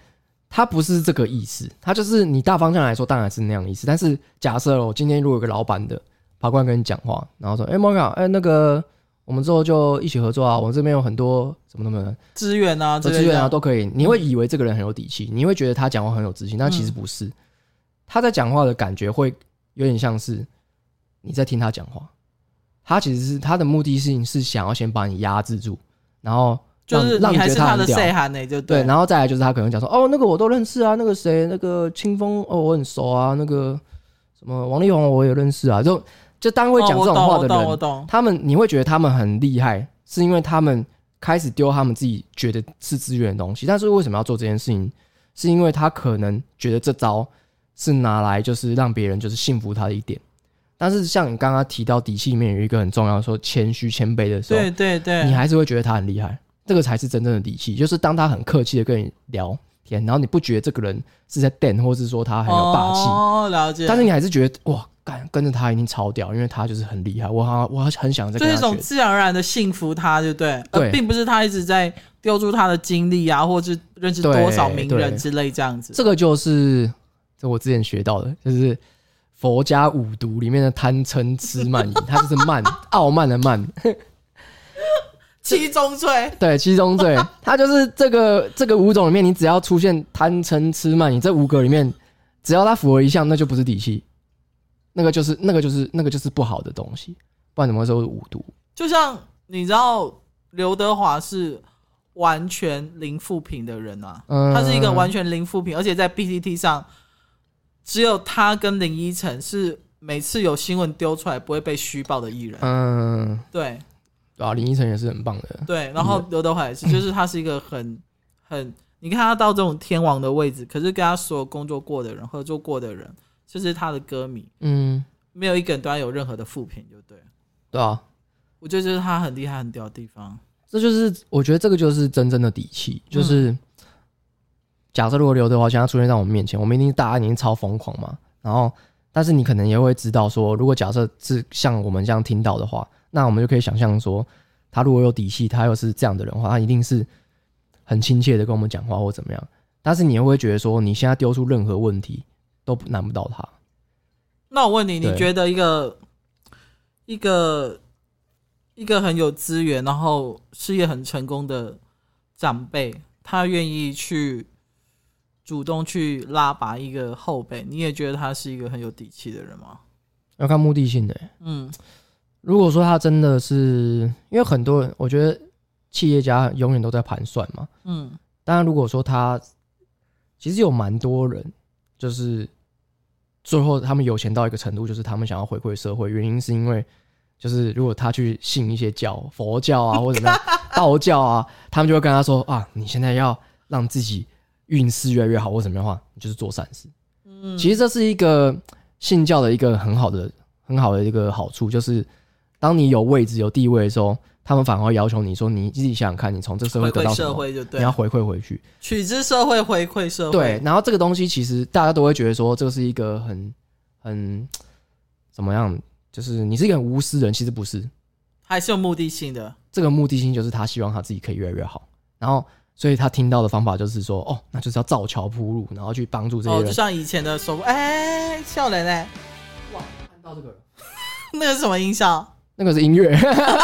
它不是這個意思。它就是你大方向來說，當然是那樣的意思。但是假設我今天如果有個老板的。法官跟你講話，然後說：“哎、欸，莫卡，哎、欸，那個，我們之後就一起合作啊。我們這邊有很多什麼什麼資源啊，資源啊對對對都可以。你會以為這個人很有底氣，嗯、你會覺得他講話很有自信，但其實不是。嗯、他在講話的感覺會有點像是你在聽他講話。他其實是他的目的性是想要先把你壓制住，然後讓就是，你還是讓你覺得他，他的就對，對，然後再來就是他可能講說：哦，那個我都認識啊，那個誰，那個清風，哦，我很熟啊，那個什麼王力宏，我也認識啊，就。”就當會講這種話的人，哦、他們你會覺得他們很厲害，是因為他們開始丟他們自己覺得是資源的東西。但是為什麼要做這件事情，是因為他可能覺得這招是拿來就是讓別人就是信服他的一點。但是像你剛剛提到底氣裡面有一個很重要，說謙虛謙卑的時候，對對對，你還是會覺得他很厲害，這個才是真正的底氣。就是當他很客氣的跟你聊天，然後你不覺得這個人是在電，或者是說他很有霸氣，哦，了解。但是你還是覺得哇。跟跟着他已經超屌，因為他就是很厲害。我好，我很想這種自然而然的信服他，對，對不對？對，並不是他一直在丟出他的經歷啊，或是認識多少名人之類這樣子。這個就是這是我之前學到的，就是佛家五毒裡面的貪嗔癡慢疑，他 就是慢，傲慢的慢。 七宗罪，對，七宗罪，他 就是這個這個五種裡面，你只要出現貪嗔癡慢疑這五個裡面，只要他符合一項，那就不是底氣。那個就是那個就是那個就是不好的東西，不然怎麼會五毒？就像你知道，劉德華是完全零負評的人啊，他是一個完全零負評，而且在 PTT 上，只有他跟林依晨是每次有新聞丟出來不會被虛報的藝人。嗯，對，啊，林依晨也是很棒的。對，然後劉德華也是，就是他是一個很很，你看他到這種天王的位置，可是跟他所有工作過的人合作過的人。這是他的歌迷，嗯，沒有一個人端有任何的負評，就對，對啊，我覺得這是他很厲害、很屌的地方。這就是我覺得這個就是真正的底氣。就是、嗯、假設如果劉德華現在出現在我們面前，我們一定大家已經超瘋狂嘛。然後，但是你可能也會知道說，如果假設是像我們這樣聽到的話，那我們就可以想象說，他如果有底氣，他又是這樣的人的話，他一定是很親切的跟我們講話或怎麼樣。但是你又會覺得說，你現在丟出任何問題，都難不倒他。那我問你，對你覺得一個一個一個很有資源，然後事業很成功的長輩，他願意去主動去拉拔一個後輩，你也覺得他是一個很有底氣的人嗎？要看目的性的欸。嗯，如果說他真的是，因為很多人，我覺得企業家永遠都在盤算嘛。嗯，當然，如果說他其實有蠻多人。就是最後他們有錢到一個程度，就是他們想要回饋社會。原因是因為，就是如果他去信一些教，佛教啊或者什麼道教啊，他們就會跟他說啊，你現在要讓自己運勢越來越好或者怎麼樣的話，你就是做善事。嗯，其實這是一個信教的一個很好的、很好的一個好處，就是當你有位置、有地位的時候。他們反而會要求你說，你自己想想看，你從這個社會得到什麼？回回社會你要回饋回去，取之社會，回饋社會。對，然後這個東西其實大家都會覺得說，這是一個很很怎麼樣？就是你是一個很無私人，其實不是，還是有目的性的。這個目的性就是他希望他自己可以越來越好，然後所以他聽到的方法就是說，哦，那就是要造橋鋪路，然後去幫助這些人哦，就像以前的時候，哎、欸，笑人、欸，哇，看到這個人 那個是什麼音效？那個是音樂，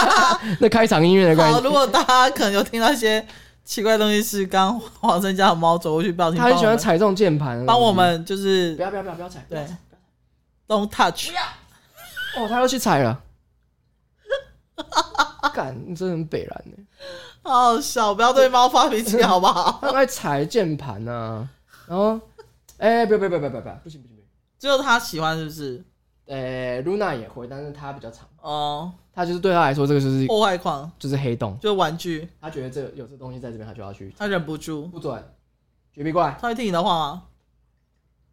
那開場音樂的關係。 如果大家可能有聽到一些奇怪的東西，是剛黃生家的貓走過去，不要聽。他很喜歡踩中鍵盤，幫我們就是不要不要不要不要踩，對，對，Don't touch。哦，他又去踩了，幹， 真的很北爛。誒，好好笑，不要對貓發脾氣好不好？ 他愛踩鍵盤呢。然後，哎、哦欸，不要不要不要不要不要，不行不行不行，不只有他喜歡是不是？呃，露娜也會，但是它比較長哦。它就是對他來說，這個就是破壞狂，就是黑洞，就是玩具。他覺得這有這東西在這邊，他就要去，他忍不住。不准，絕壁怪，他會聽你的話嗎？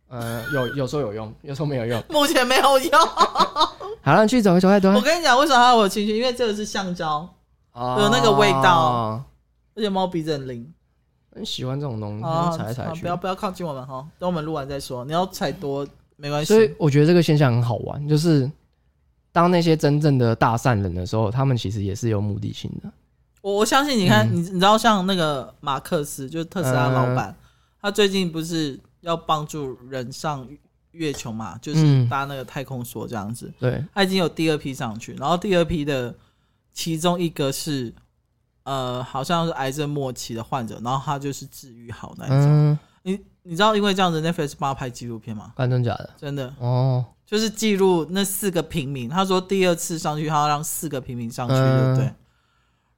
呃，有有時候有用，有時候沒有用。目前沒有用。好了，去找個小黑洞。我跟你講，為什麼它有情緒？因為這個是橡膠啊，有那個味道，而且貓鼻子很靈，很喜歡這種東西，踩一踩去。不要不要靠近我們哈，等我們錄完再說。你要踩多？沒關係，所以我覺得這個現象很好玩，就是當那些真正的大善人的時候，他們其實也是有目的性的。我我相信你看，嗯、你你知道像那個馬克思，就是特斯拉老闆，呃、他最近不是要幫助人上月球嘛，就是搭那個太空梭這樣子。嗯、對，他已經有第二批上去，然後第二批的其中一個是呃，好像是癌症末期的患者，然後他就是治癒好那一種。嗯你知道，因為這樣子，Netflix 幫他拍紀錄片嗎？看真假的，真的哦，就是記錄那四個平民。他說第二次上去，他要讓四個平民上去，對不、嗯、對？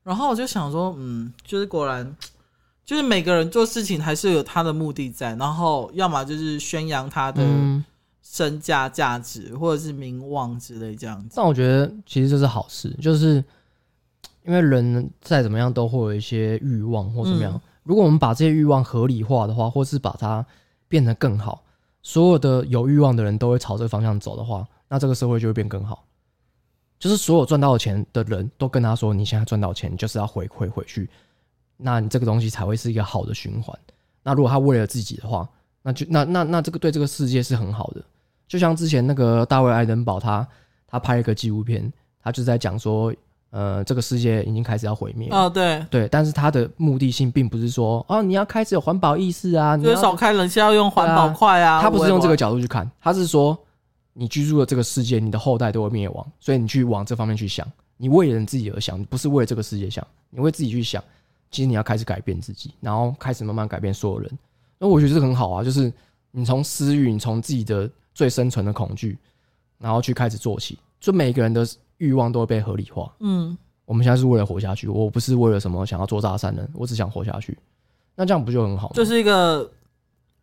然後我就想說，嗯，就是果然，就是每個人做事情還是有他的目的在。然後，要麼就是宣揚他的身價、價值，或者是名望之類這樣子。嗯、但我覺得，其實就是好事，就是因為人再怎麼樣都會有一些慾望或怎麼樣。嗯如果我們把這些慾望合理化的話，或是把它變得更好，所有的有慾望的人都會朝這個方向走的話，那這個社會就會變更好。就是所有賺到錢的人都跟他說：“你現在賺到錢，你就是要回饋回，回去。”那你這個東西才會是一個好的循環。那如果他為了自己的話，那就那那那這個對這個世界是很好的。就像之前那個大衛·艾登堡他，他他拍了一個紀錄片，他就在講說。呃，這個世界已經開始要毀滅啊！對對，但是他的目的性並不是說，哦、啊，你要開始有環保意識啊，你要少開冷氣，要用環保筷啊。他、啊、不是用這個角度去看，他是說你居住的這個世界，你的後代都會滅亡，所以你去往這方面去想，你為了你自己而想，不是為了這個世界想，你為自己去想。其實你要開始改變自己，然後開始慢慢改變所有人。那我覺得這很好啊，就是你從私欲，你從自己的最深層的恐懼，然後去開始做起，就每一個人的慾望都會被合理化。嗯，我們現在是為了活下去，我不是為了什麼想要做大善人，我只想活下去。那這樣不就很好嗎？這是一個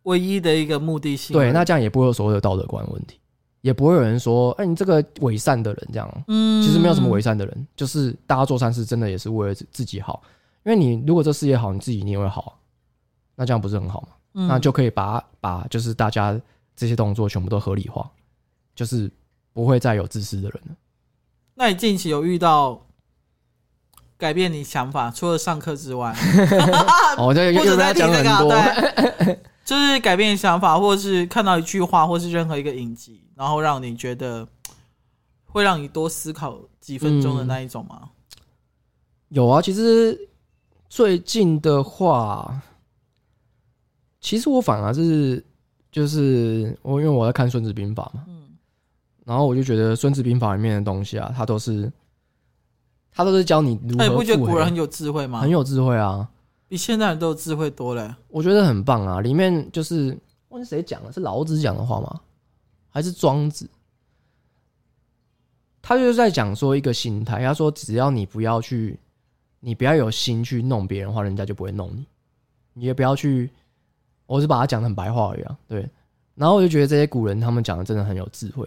唯一的一個目的性。對，那這樣也不會有所謂的道德觀問題，也不會有人說：“哎、欸，你這個偽善的人。”這樣，嗯，其實沒有什麼偽善的人，就是大家做善事，真的也是為了自己好。因為你如果這事業好，你自己一定會好。那這樣不是很好嗎？嗯，那就可以把把就是大家這些動作全部都合理化，就是不會再有自私的人了。那你近期有遇到改變你想法，除了上課之外，我、 哦、對 在一直在講很多對， 就是改變想法，或是看到一句話，或是任何一個影集，然後讓你覺得會讓你多思考幾分鐘的那一種嗎、嗯？有啊，其實最近的話，其實我反而是就是我因為我在看《孫子兵法》嘛。然後我就覺得《孫子兵法》裡面的東西啊，他都是，他都是教你如何。他也、啊、不覺得古人很有智慧嗎？很有智慧啊，比現代人都有智慧多了。我覺得很棒啊！裡面就是，問誰講的，是老子講的話嗎？還是莊子？他就是在講說一個心態，他說只要你不要去，你不要有心去弄別人的話，人家就不會弄你。你也不要去，我是把它講的很白話一樣。對，然後我就覺得這些古人他們講的真的很有智慧。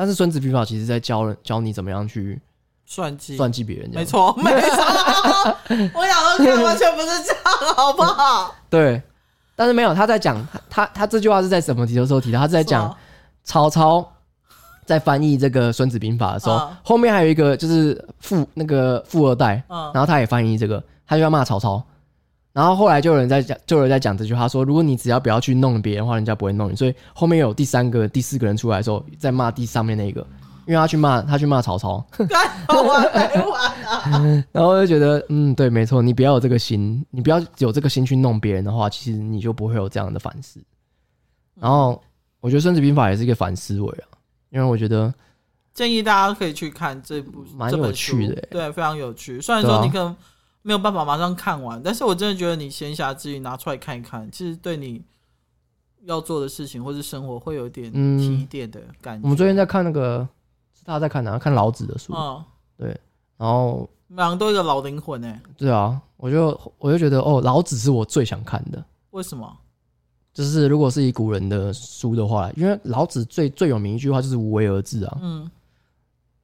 但是《孫子兵法》其實在教人教你怎麼樣去算計算計別人？沒錯沒錯。我想說這個完全不是這樣的，好不好，嗯？對，但是沒有他在講他他，他這句話是在什麼題的時候提到？他是在講曹操在翻譯這個《孫子兵法》的時候，嗯、後面還有一個就是富那個富二代，嗯、然後他也翻譯這個，他就要罵曹操。然後後來就有人在講，就有人在講這句話說：如果你只要不要去弄別人的話，人家不會弄你。所以後面有第三個、第四個人出來的時候，在罵地上面那個，因為他去罵他去罵曹操，沒、啊、 然後我就覺得，嗯，對，沒錯，你不要有這個心，你不要有這個心去弄別人的話，其實你就不會有這樣的反思。然後我覺得《孫子兵法》也是一個反思維啊，因為我覺得建議大家可以去看這部蠻有趣的，對，非常有趣。雖然說你可能。沒有辦法馬上看完，但是我真的覺得你閒暇之餘拿出來看一看，其實對你要做的事情或是生活會有點提點的感覺，嗯。我們最近在看那個，是他在看哪？看老子的書啊？哦，對，然後好像都有個老靈魂呢？對啊，我就我就覺得哦，老子是我最想看的。為什麼？就是如果是以古人的書的話，因為老子最最有名一句話就是無為而治啊。嗯。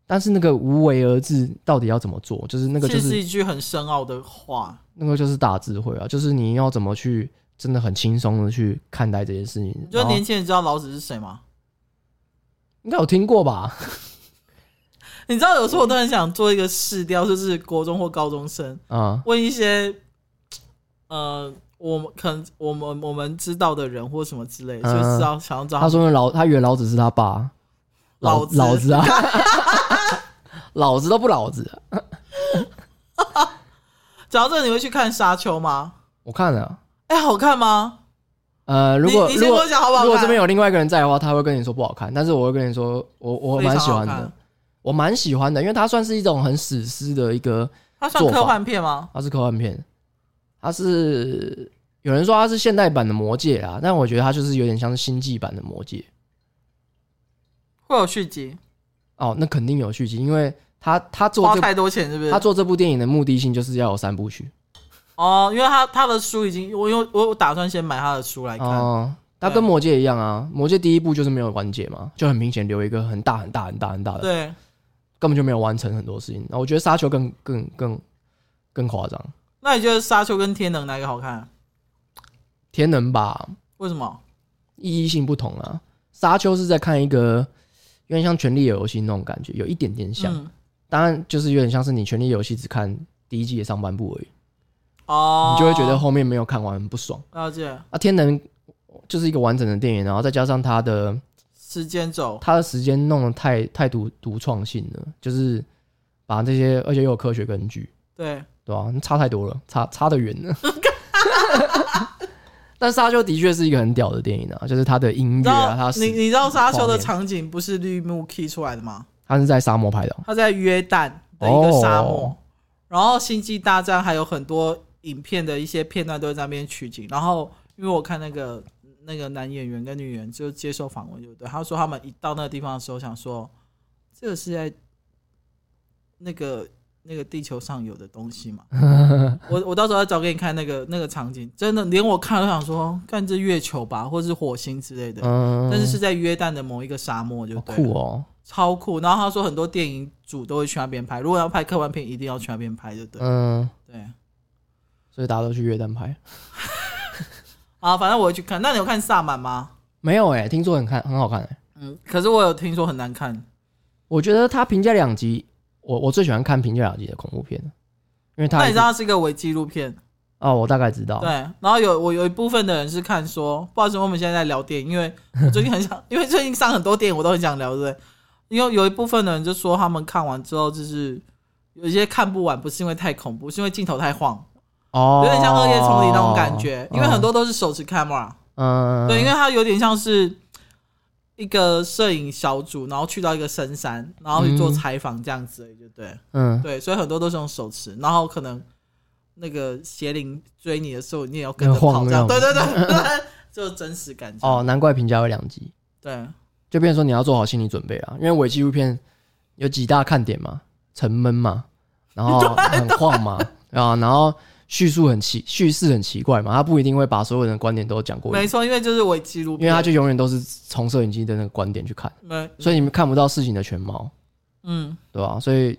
但是那個無為而治到底要怎麼做？就是那個就是，是一句很深奧的話。那個就是大智慧啊，就是你要怎麼去，真的很輕鬆的去看待這件事情。覺得年輕人知道老子是誰嗎？應該有聽過吧？你知道有時候我都很想做一個試調，就是國中或高中生啊，問一些呃，我們可能我們我們知道的人或什麼之類，就是要想要找他說的老他原老子是他爸老老子，老子啊。 老子都不老子，啊，講 到這，你會去看沙丘嗎？我看了，哎，好看嗎？呃，如果如果如果這邊有另外一個人在的話，他會跟你說不好看，但是我會跟你說，我我蠻喜歡的，我蠻喜歡的，因為它算是一種很史詩的一個，它算科幻片嗎？它是科幻片，它是有人說它是現代版的魔戒啊，但我覺得它就是有點像是星際版的魔戒，會有續集？哦，那肯定有續集，因為。他他做花太多錢是不是？他做這部電影的目的性就是要有三部曲。哦，因為他他的書已經我有我我打算先買他的書來看。哦，對他跟《魔戒》一樣啊，《魔戒》第一部就是沒有完結嘛，就很明顯留一個很大很大很大很大的。對，根本就沒有完成很多事情。那我覺得《沙丘》更更更更誇張。那你覺得《沙丘》跟《天能》哪個好看啊？《天能》吧？為什麼？意義性不同啊，《沙丘》是在看一個有點像《權力遊戲》那種感覺，有一點點像。嗯當然，就是有點像是你《權力遊戲》只看第一季的上半部而已，哦，你就會覺得後面沒有看完很不爽，哦。了解啊。啊，天能就是一個完整的電影，然後再加上他的，的時間軸，他的時間弄得太太獨獨創性了。就是把這些，而且又有科學根據對，對對啊，差太多了，差差得遠了。 但《沙丘》的確是一個很屌的電影啊，就是他的音樂啊，他。你你知道《沙丘》的場景不是綠幕 key 出來的嗎？他是在沙漠拍的，哦，他在約旦的一個沙漠，然後《星際大戰》還有很多影片的一些片段都在那邊取景。然後，因為我看那個那個男演員跟女演員就接受訪問，就對他說他們一到那個地方的時候，想說這個是在那個那個地球上有的東西嘛。我我到時候要找給你看那個那個場景，真的連我看都想說，看這月球吧，或者是火星之類的。嗯，但是是在約旦的某一個沙漠就對，嗯，就酷哦。超酷！然後他說，很多電影組都會去那邊拍。如果要拍科幻片，一定要去那邊拍就對，對、嗯、對？嗯，對。所以大家都去約旦拍啊！ 反正我去看。那你有看《薩滿》嗎？沒有哎、欸，聽說很看，很好看哎、欸。嗯，可是我有聽說很難看。 我覺得他評價兩極，我我最喜歡看評價兩極的恐怖片，因為他那你知道是一個偽紀錄片哦，我大概知道。對。然後有我有一部分的人是看說，不知道為什麼我們現在在聊電影，因為我最近很想， 因為最近上很多電影我都很想聊，對。因為有一部分的人就說，他們看完之後就是有一些看不完，不是因為太恐怖，是因為鏡頭太晃，哦、有點像《惡夜叢林》那種感覺，哦、因為很多都是手持 camera，嗯，嗯對，因為它有點像是一個攝影小組，然後去到一個深山，然後去做採訪這樣子而已，嗯對嗯，對，所以很多都是用手持，然後可能那個邪靈追你的時候，你也要跟着跑這樣，樣對對對，對， 就真實感覺。哦，難怪評價為兩極，對。就變成說，你要做好心理準備啊，因為偽紀錄片有幾大看點嘛，沉悶嘛，然後很晃嘛， 對對對啊，然後敘述很奇，敘事很奇怪嘛，他不一定會把所有人的觀點都講過。沒錯，因為就是偽紀錄片，因為他就永遠都是從攝影機的那個觀點去看，對所以你們看不到事情的全貌，嗯，對吧？啊？所以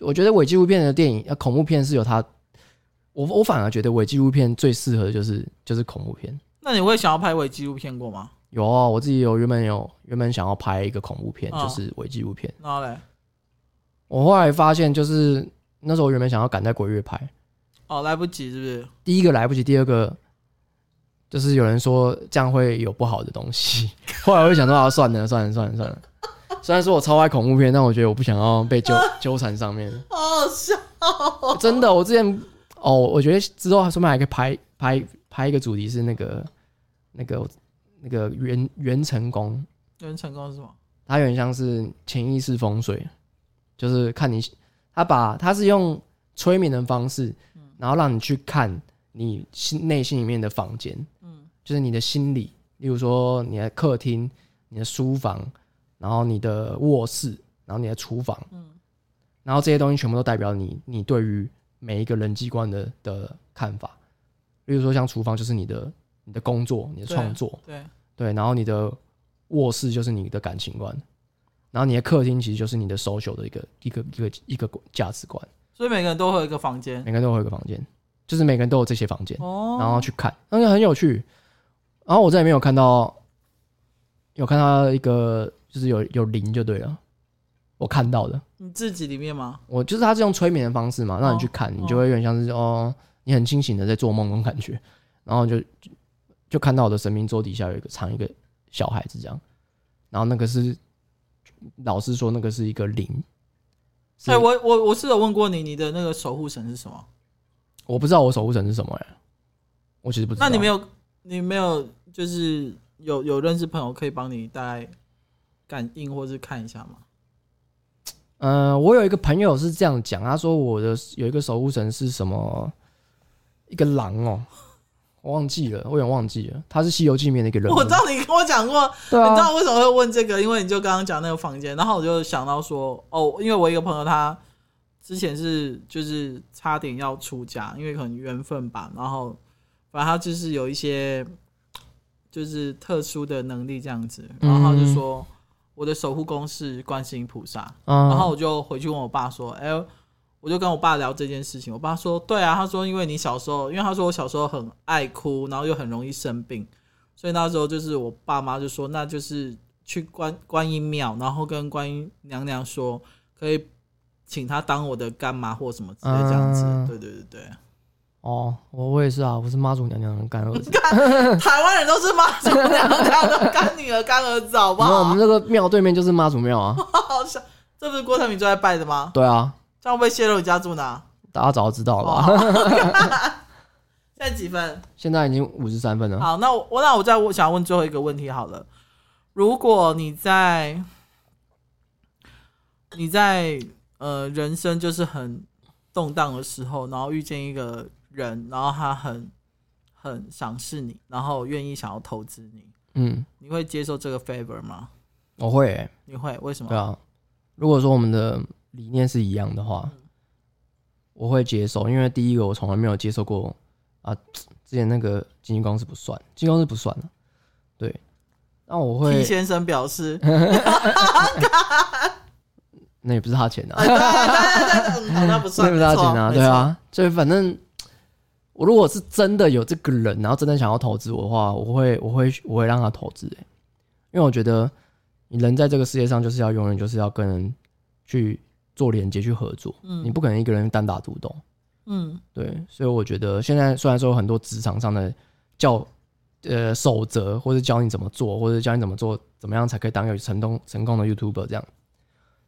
我覺得偽紀錄片的電影，啊，恐怖片是有它，我我反而覺得偽紀錄片最適合的就是就是恐怖片。那你會想要拍偽紀錄片過嗎？有啊、哦，我自己有原本有原本想要拍一個恐怖片，哦、就是偽紀錄片。後來嘞我後來發現，就是那時候我原本想要趕在鬼月拍，哦，來不及是不是？第一個來不及，第二個就是有人說這樣會有不好的東西。 後來我就想說算了算了算了算了。雖然說我超愛恐怖片，但我覺得我不想要被糾糾纏上面。 好好笑哦，真的。我之前哦，我覺得之後後面還可以拍拍拍一個主題是那個那個。那個元、元辰宮，元辰宮是什麼？它有點像是潛意識風水，就是看你，他把，他是用催眠的方式，嗯，然後讓你去看你心內心裡面的房間，嗯，就是你的心理，例如說你的客廳、你的書房，然後你的臥室，然後你的廚房，嗯，然後這些東西全部都代表你，你對於每一個人際觀的的看法，例如說像廚房就是你的你的工作、嗯，你的創作，對。對對，然後你的臥室就是你的感情觀，然後你的客廳其實就是你的 social 的一個一個一個一個，一個價值觀。所以每個人都會有一個房間，每個人都會有一個房間，就是每個人都有這些房間，哦、然後去看，那個很有趣。然後我在裡面有看到，有看到一個就是有有零就對了，我看到的。你自己裡面嗎？我就是他是用催眠的方式嘛，讓你去看，哦、你就會有點像是哦，哦，你很清醒的在做夢那種感覺，嗯、然後就。就看到我的神明桌底下有一個藏一個小孩子這樣，然後那個是老師說那個是一個靈。所以我我、欸我哎，我我我是有問過你，你的那個守護神是什麼？我不知道我守護神是什麼哎、欸，我其實不知道。那你沒有你沒有就是有有認識朋友可以幫你帶感應或是看一下嗎？嗯、呃，我有一個朋友是這樣講，他說我的有一個守護神是什麼，一個狼哦、喔。我忘記了，我有點忘記了，他是《西遊記》裡面的一個人。我知道你跟我講過，啊、你知道我為什麼會問這個？因為你就剛剛講那個房間，然後我就想到說，哦，因為我一個朋友他之前是就是差點要出家，因為可能緣分吧，然後反正他就是有一些就是特殊的能力這樣子，然後他就說我的守護公是觀世音菩薩，嗯、然後我就回去問我爸說，哎、欸。我就跟我爸聊這件事情，我爸說：“對啊，他說，因為你小時候，因為他說我小時候很愛哭，然後又很容易生病，所以那時候就是我爸媽就說，那就是去觀觀音廟，然後跟觀音娘娘說，可以請她當我的乾媽或什麼之類這樣子。嗯、對對對對，哦，我我也是啊，我是媽祖娘娘的乾兒子，台灣人都是媽祖娘娘的乾女兒、乾兒子， 乾女兒乾兒子好不好？我們這個廟對面就是媽祖廟啊， 這不是郭台銘最愛拜的嗎？對啊。”那我被洩露你家住哪、啊？大家早就知道了。哇 現在幾分？現在已經五十三分了。好，那我那我再想問最後一個問題好了。如果你在你在呃人生就是很動盪的時候，然後遇見一個人，然後他很很賞識你，然後願意想要投資你，嗯，你會接受這個 favor 嗎？我會、欸。你會？為什麼？對啊，如果說我們的理念是一樣的話，嗯、我會接受，因為第一個我從來沒有接受過啊，之前那個金融公司不算，金融公司不算、啊、對，那我會。金先生表示， 那也不是他錢啊、哎，那、啊、不算， 那不是他錢啊，對啊，所以反正我如果是真的有這個人，然後真的想要投資我的話，我會，我會，我會讓他投資、欸、因為我覺得你人在這個世界上就是要用人，就是要跟人去。做連接去合作，嗯，你不可能一個人單打獨鬥，嗯，對，所以我覺得現在雖然說有很多職場上的叫呃，守則，或者教你怎麼做，或者教你怎麼做，怎麼樣才可以當一個成功成功的 YouTuber 這樣，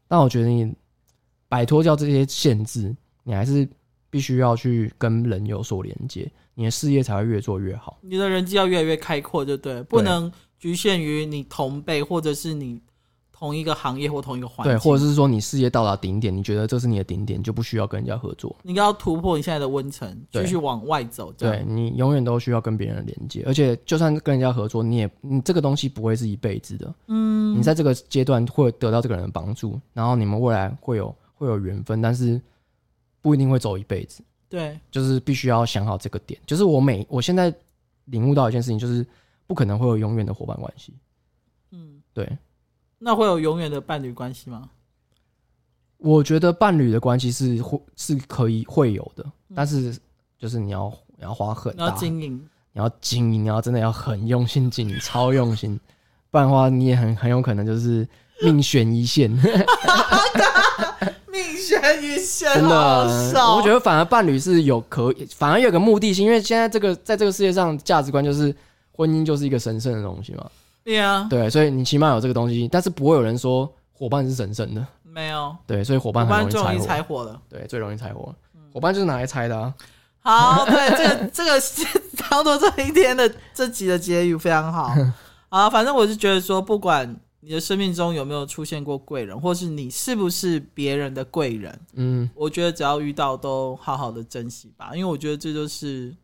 但我覺得你擺脫掉這些限制，你還是必須要去跟人有所連接，你的事業才會越做越好，你的人際要越來越開闊，就對，不能局限於你同輩或者是你，同一個行業或同一個環境，對，或者是說你事業到達頂點，你覺得這是你的頂點，就不需要跟人家合作。你要突破你現在的溫層，對繼續往外走這樣。對，你永遠都需要跟別人的連接，而且就算跟人家合作，你也你這個東西不會是一輩子的。嗯，你在這個階段會得到這個人的幫助，然後你們未來會有會有緣分，但是不一定會走一輩子。對，就是必須要想好這個點。就是我每我現在領悟到一件事情，就是不可能會有永遠的夥伴關係。嗯，對。那會有永遠的伴侶關係嗎？我覺得伴侶的關係是會是可以會有的，嗯、但是就是你要你要花很大，你要經營你要經營，你要真的要很用心經營， 超用心，不然的話你也很很有可能就是命懸一線。 命懸一線，好真的？我覺得反而伴侶是有可反而有個目的性，因為現在這個在這個世界上，價值觀就是婚姻就是一個神聖的東西嘛。對啊，Yeah. 對，所以你起碼有這個東西，但是不會有人說夥伴是神聖的，沒有。對，所以夥伴很容易踩火的，火了對，最容易踩火。夥、嗯、伴就是拿來踩的。啊。好，對，這個、這個差不 多這一天的這集的結語非常好 啊。反正我就覺得說，不管你的生命中有沒有出現過貴人，或是你是不是別人的貴人，嗯，我覺得只要遇到都好好的珍惜吧，因為我覺得這就是。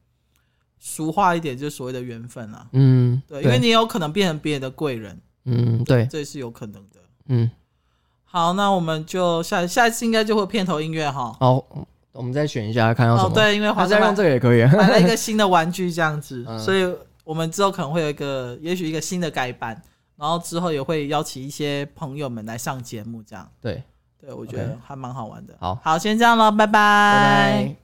俗話一點就是所謂的緣分啊，嗯，對，因為你也有可能變成別人的貴人，嗯，對，這也是有可能的，嗯，好，那我們就下下一次應該就會片頭音樂哈，好，我們再選一下看到什麼，對，因為華仔用這個也可以，來了一個新的玩具這樣子，所以我們之後可能會有一個，也許一個新的改版，然後之後也會邀請一些朋友們來上節目這樣，對，對我覺得還蠻好玩的，好，好，先這樣了，拜拜。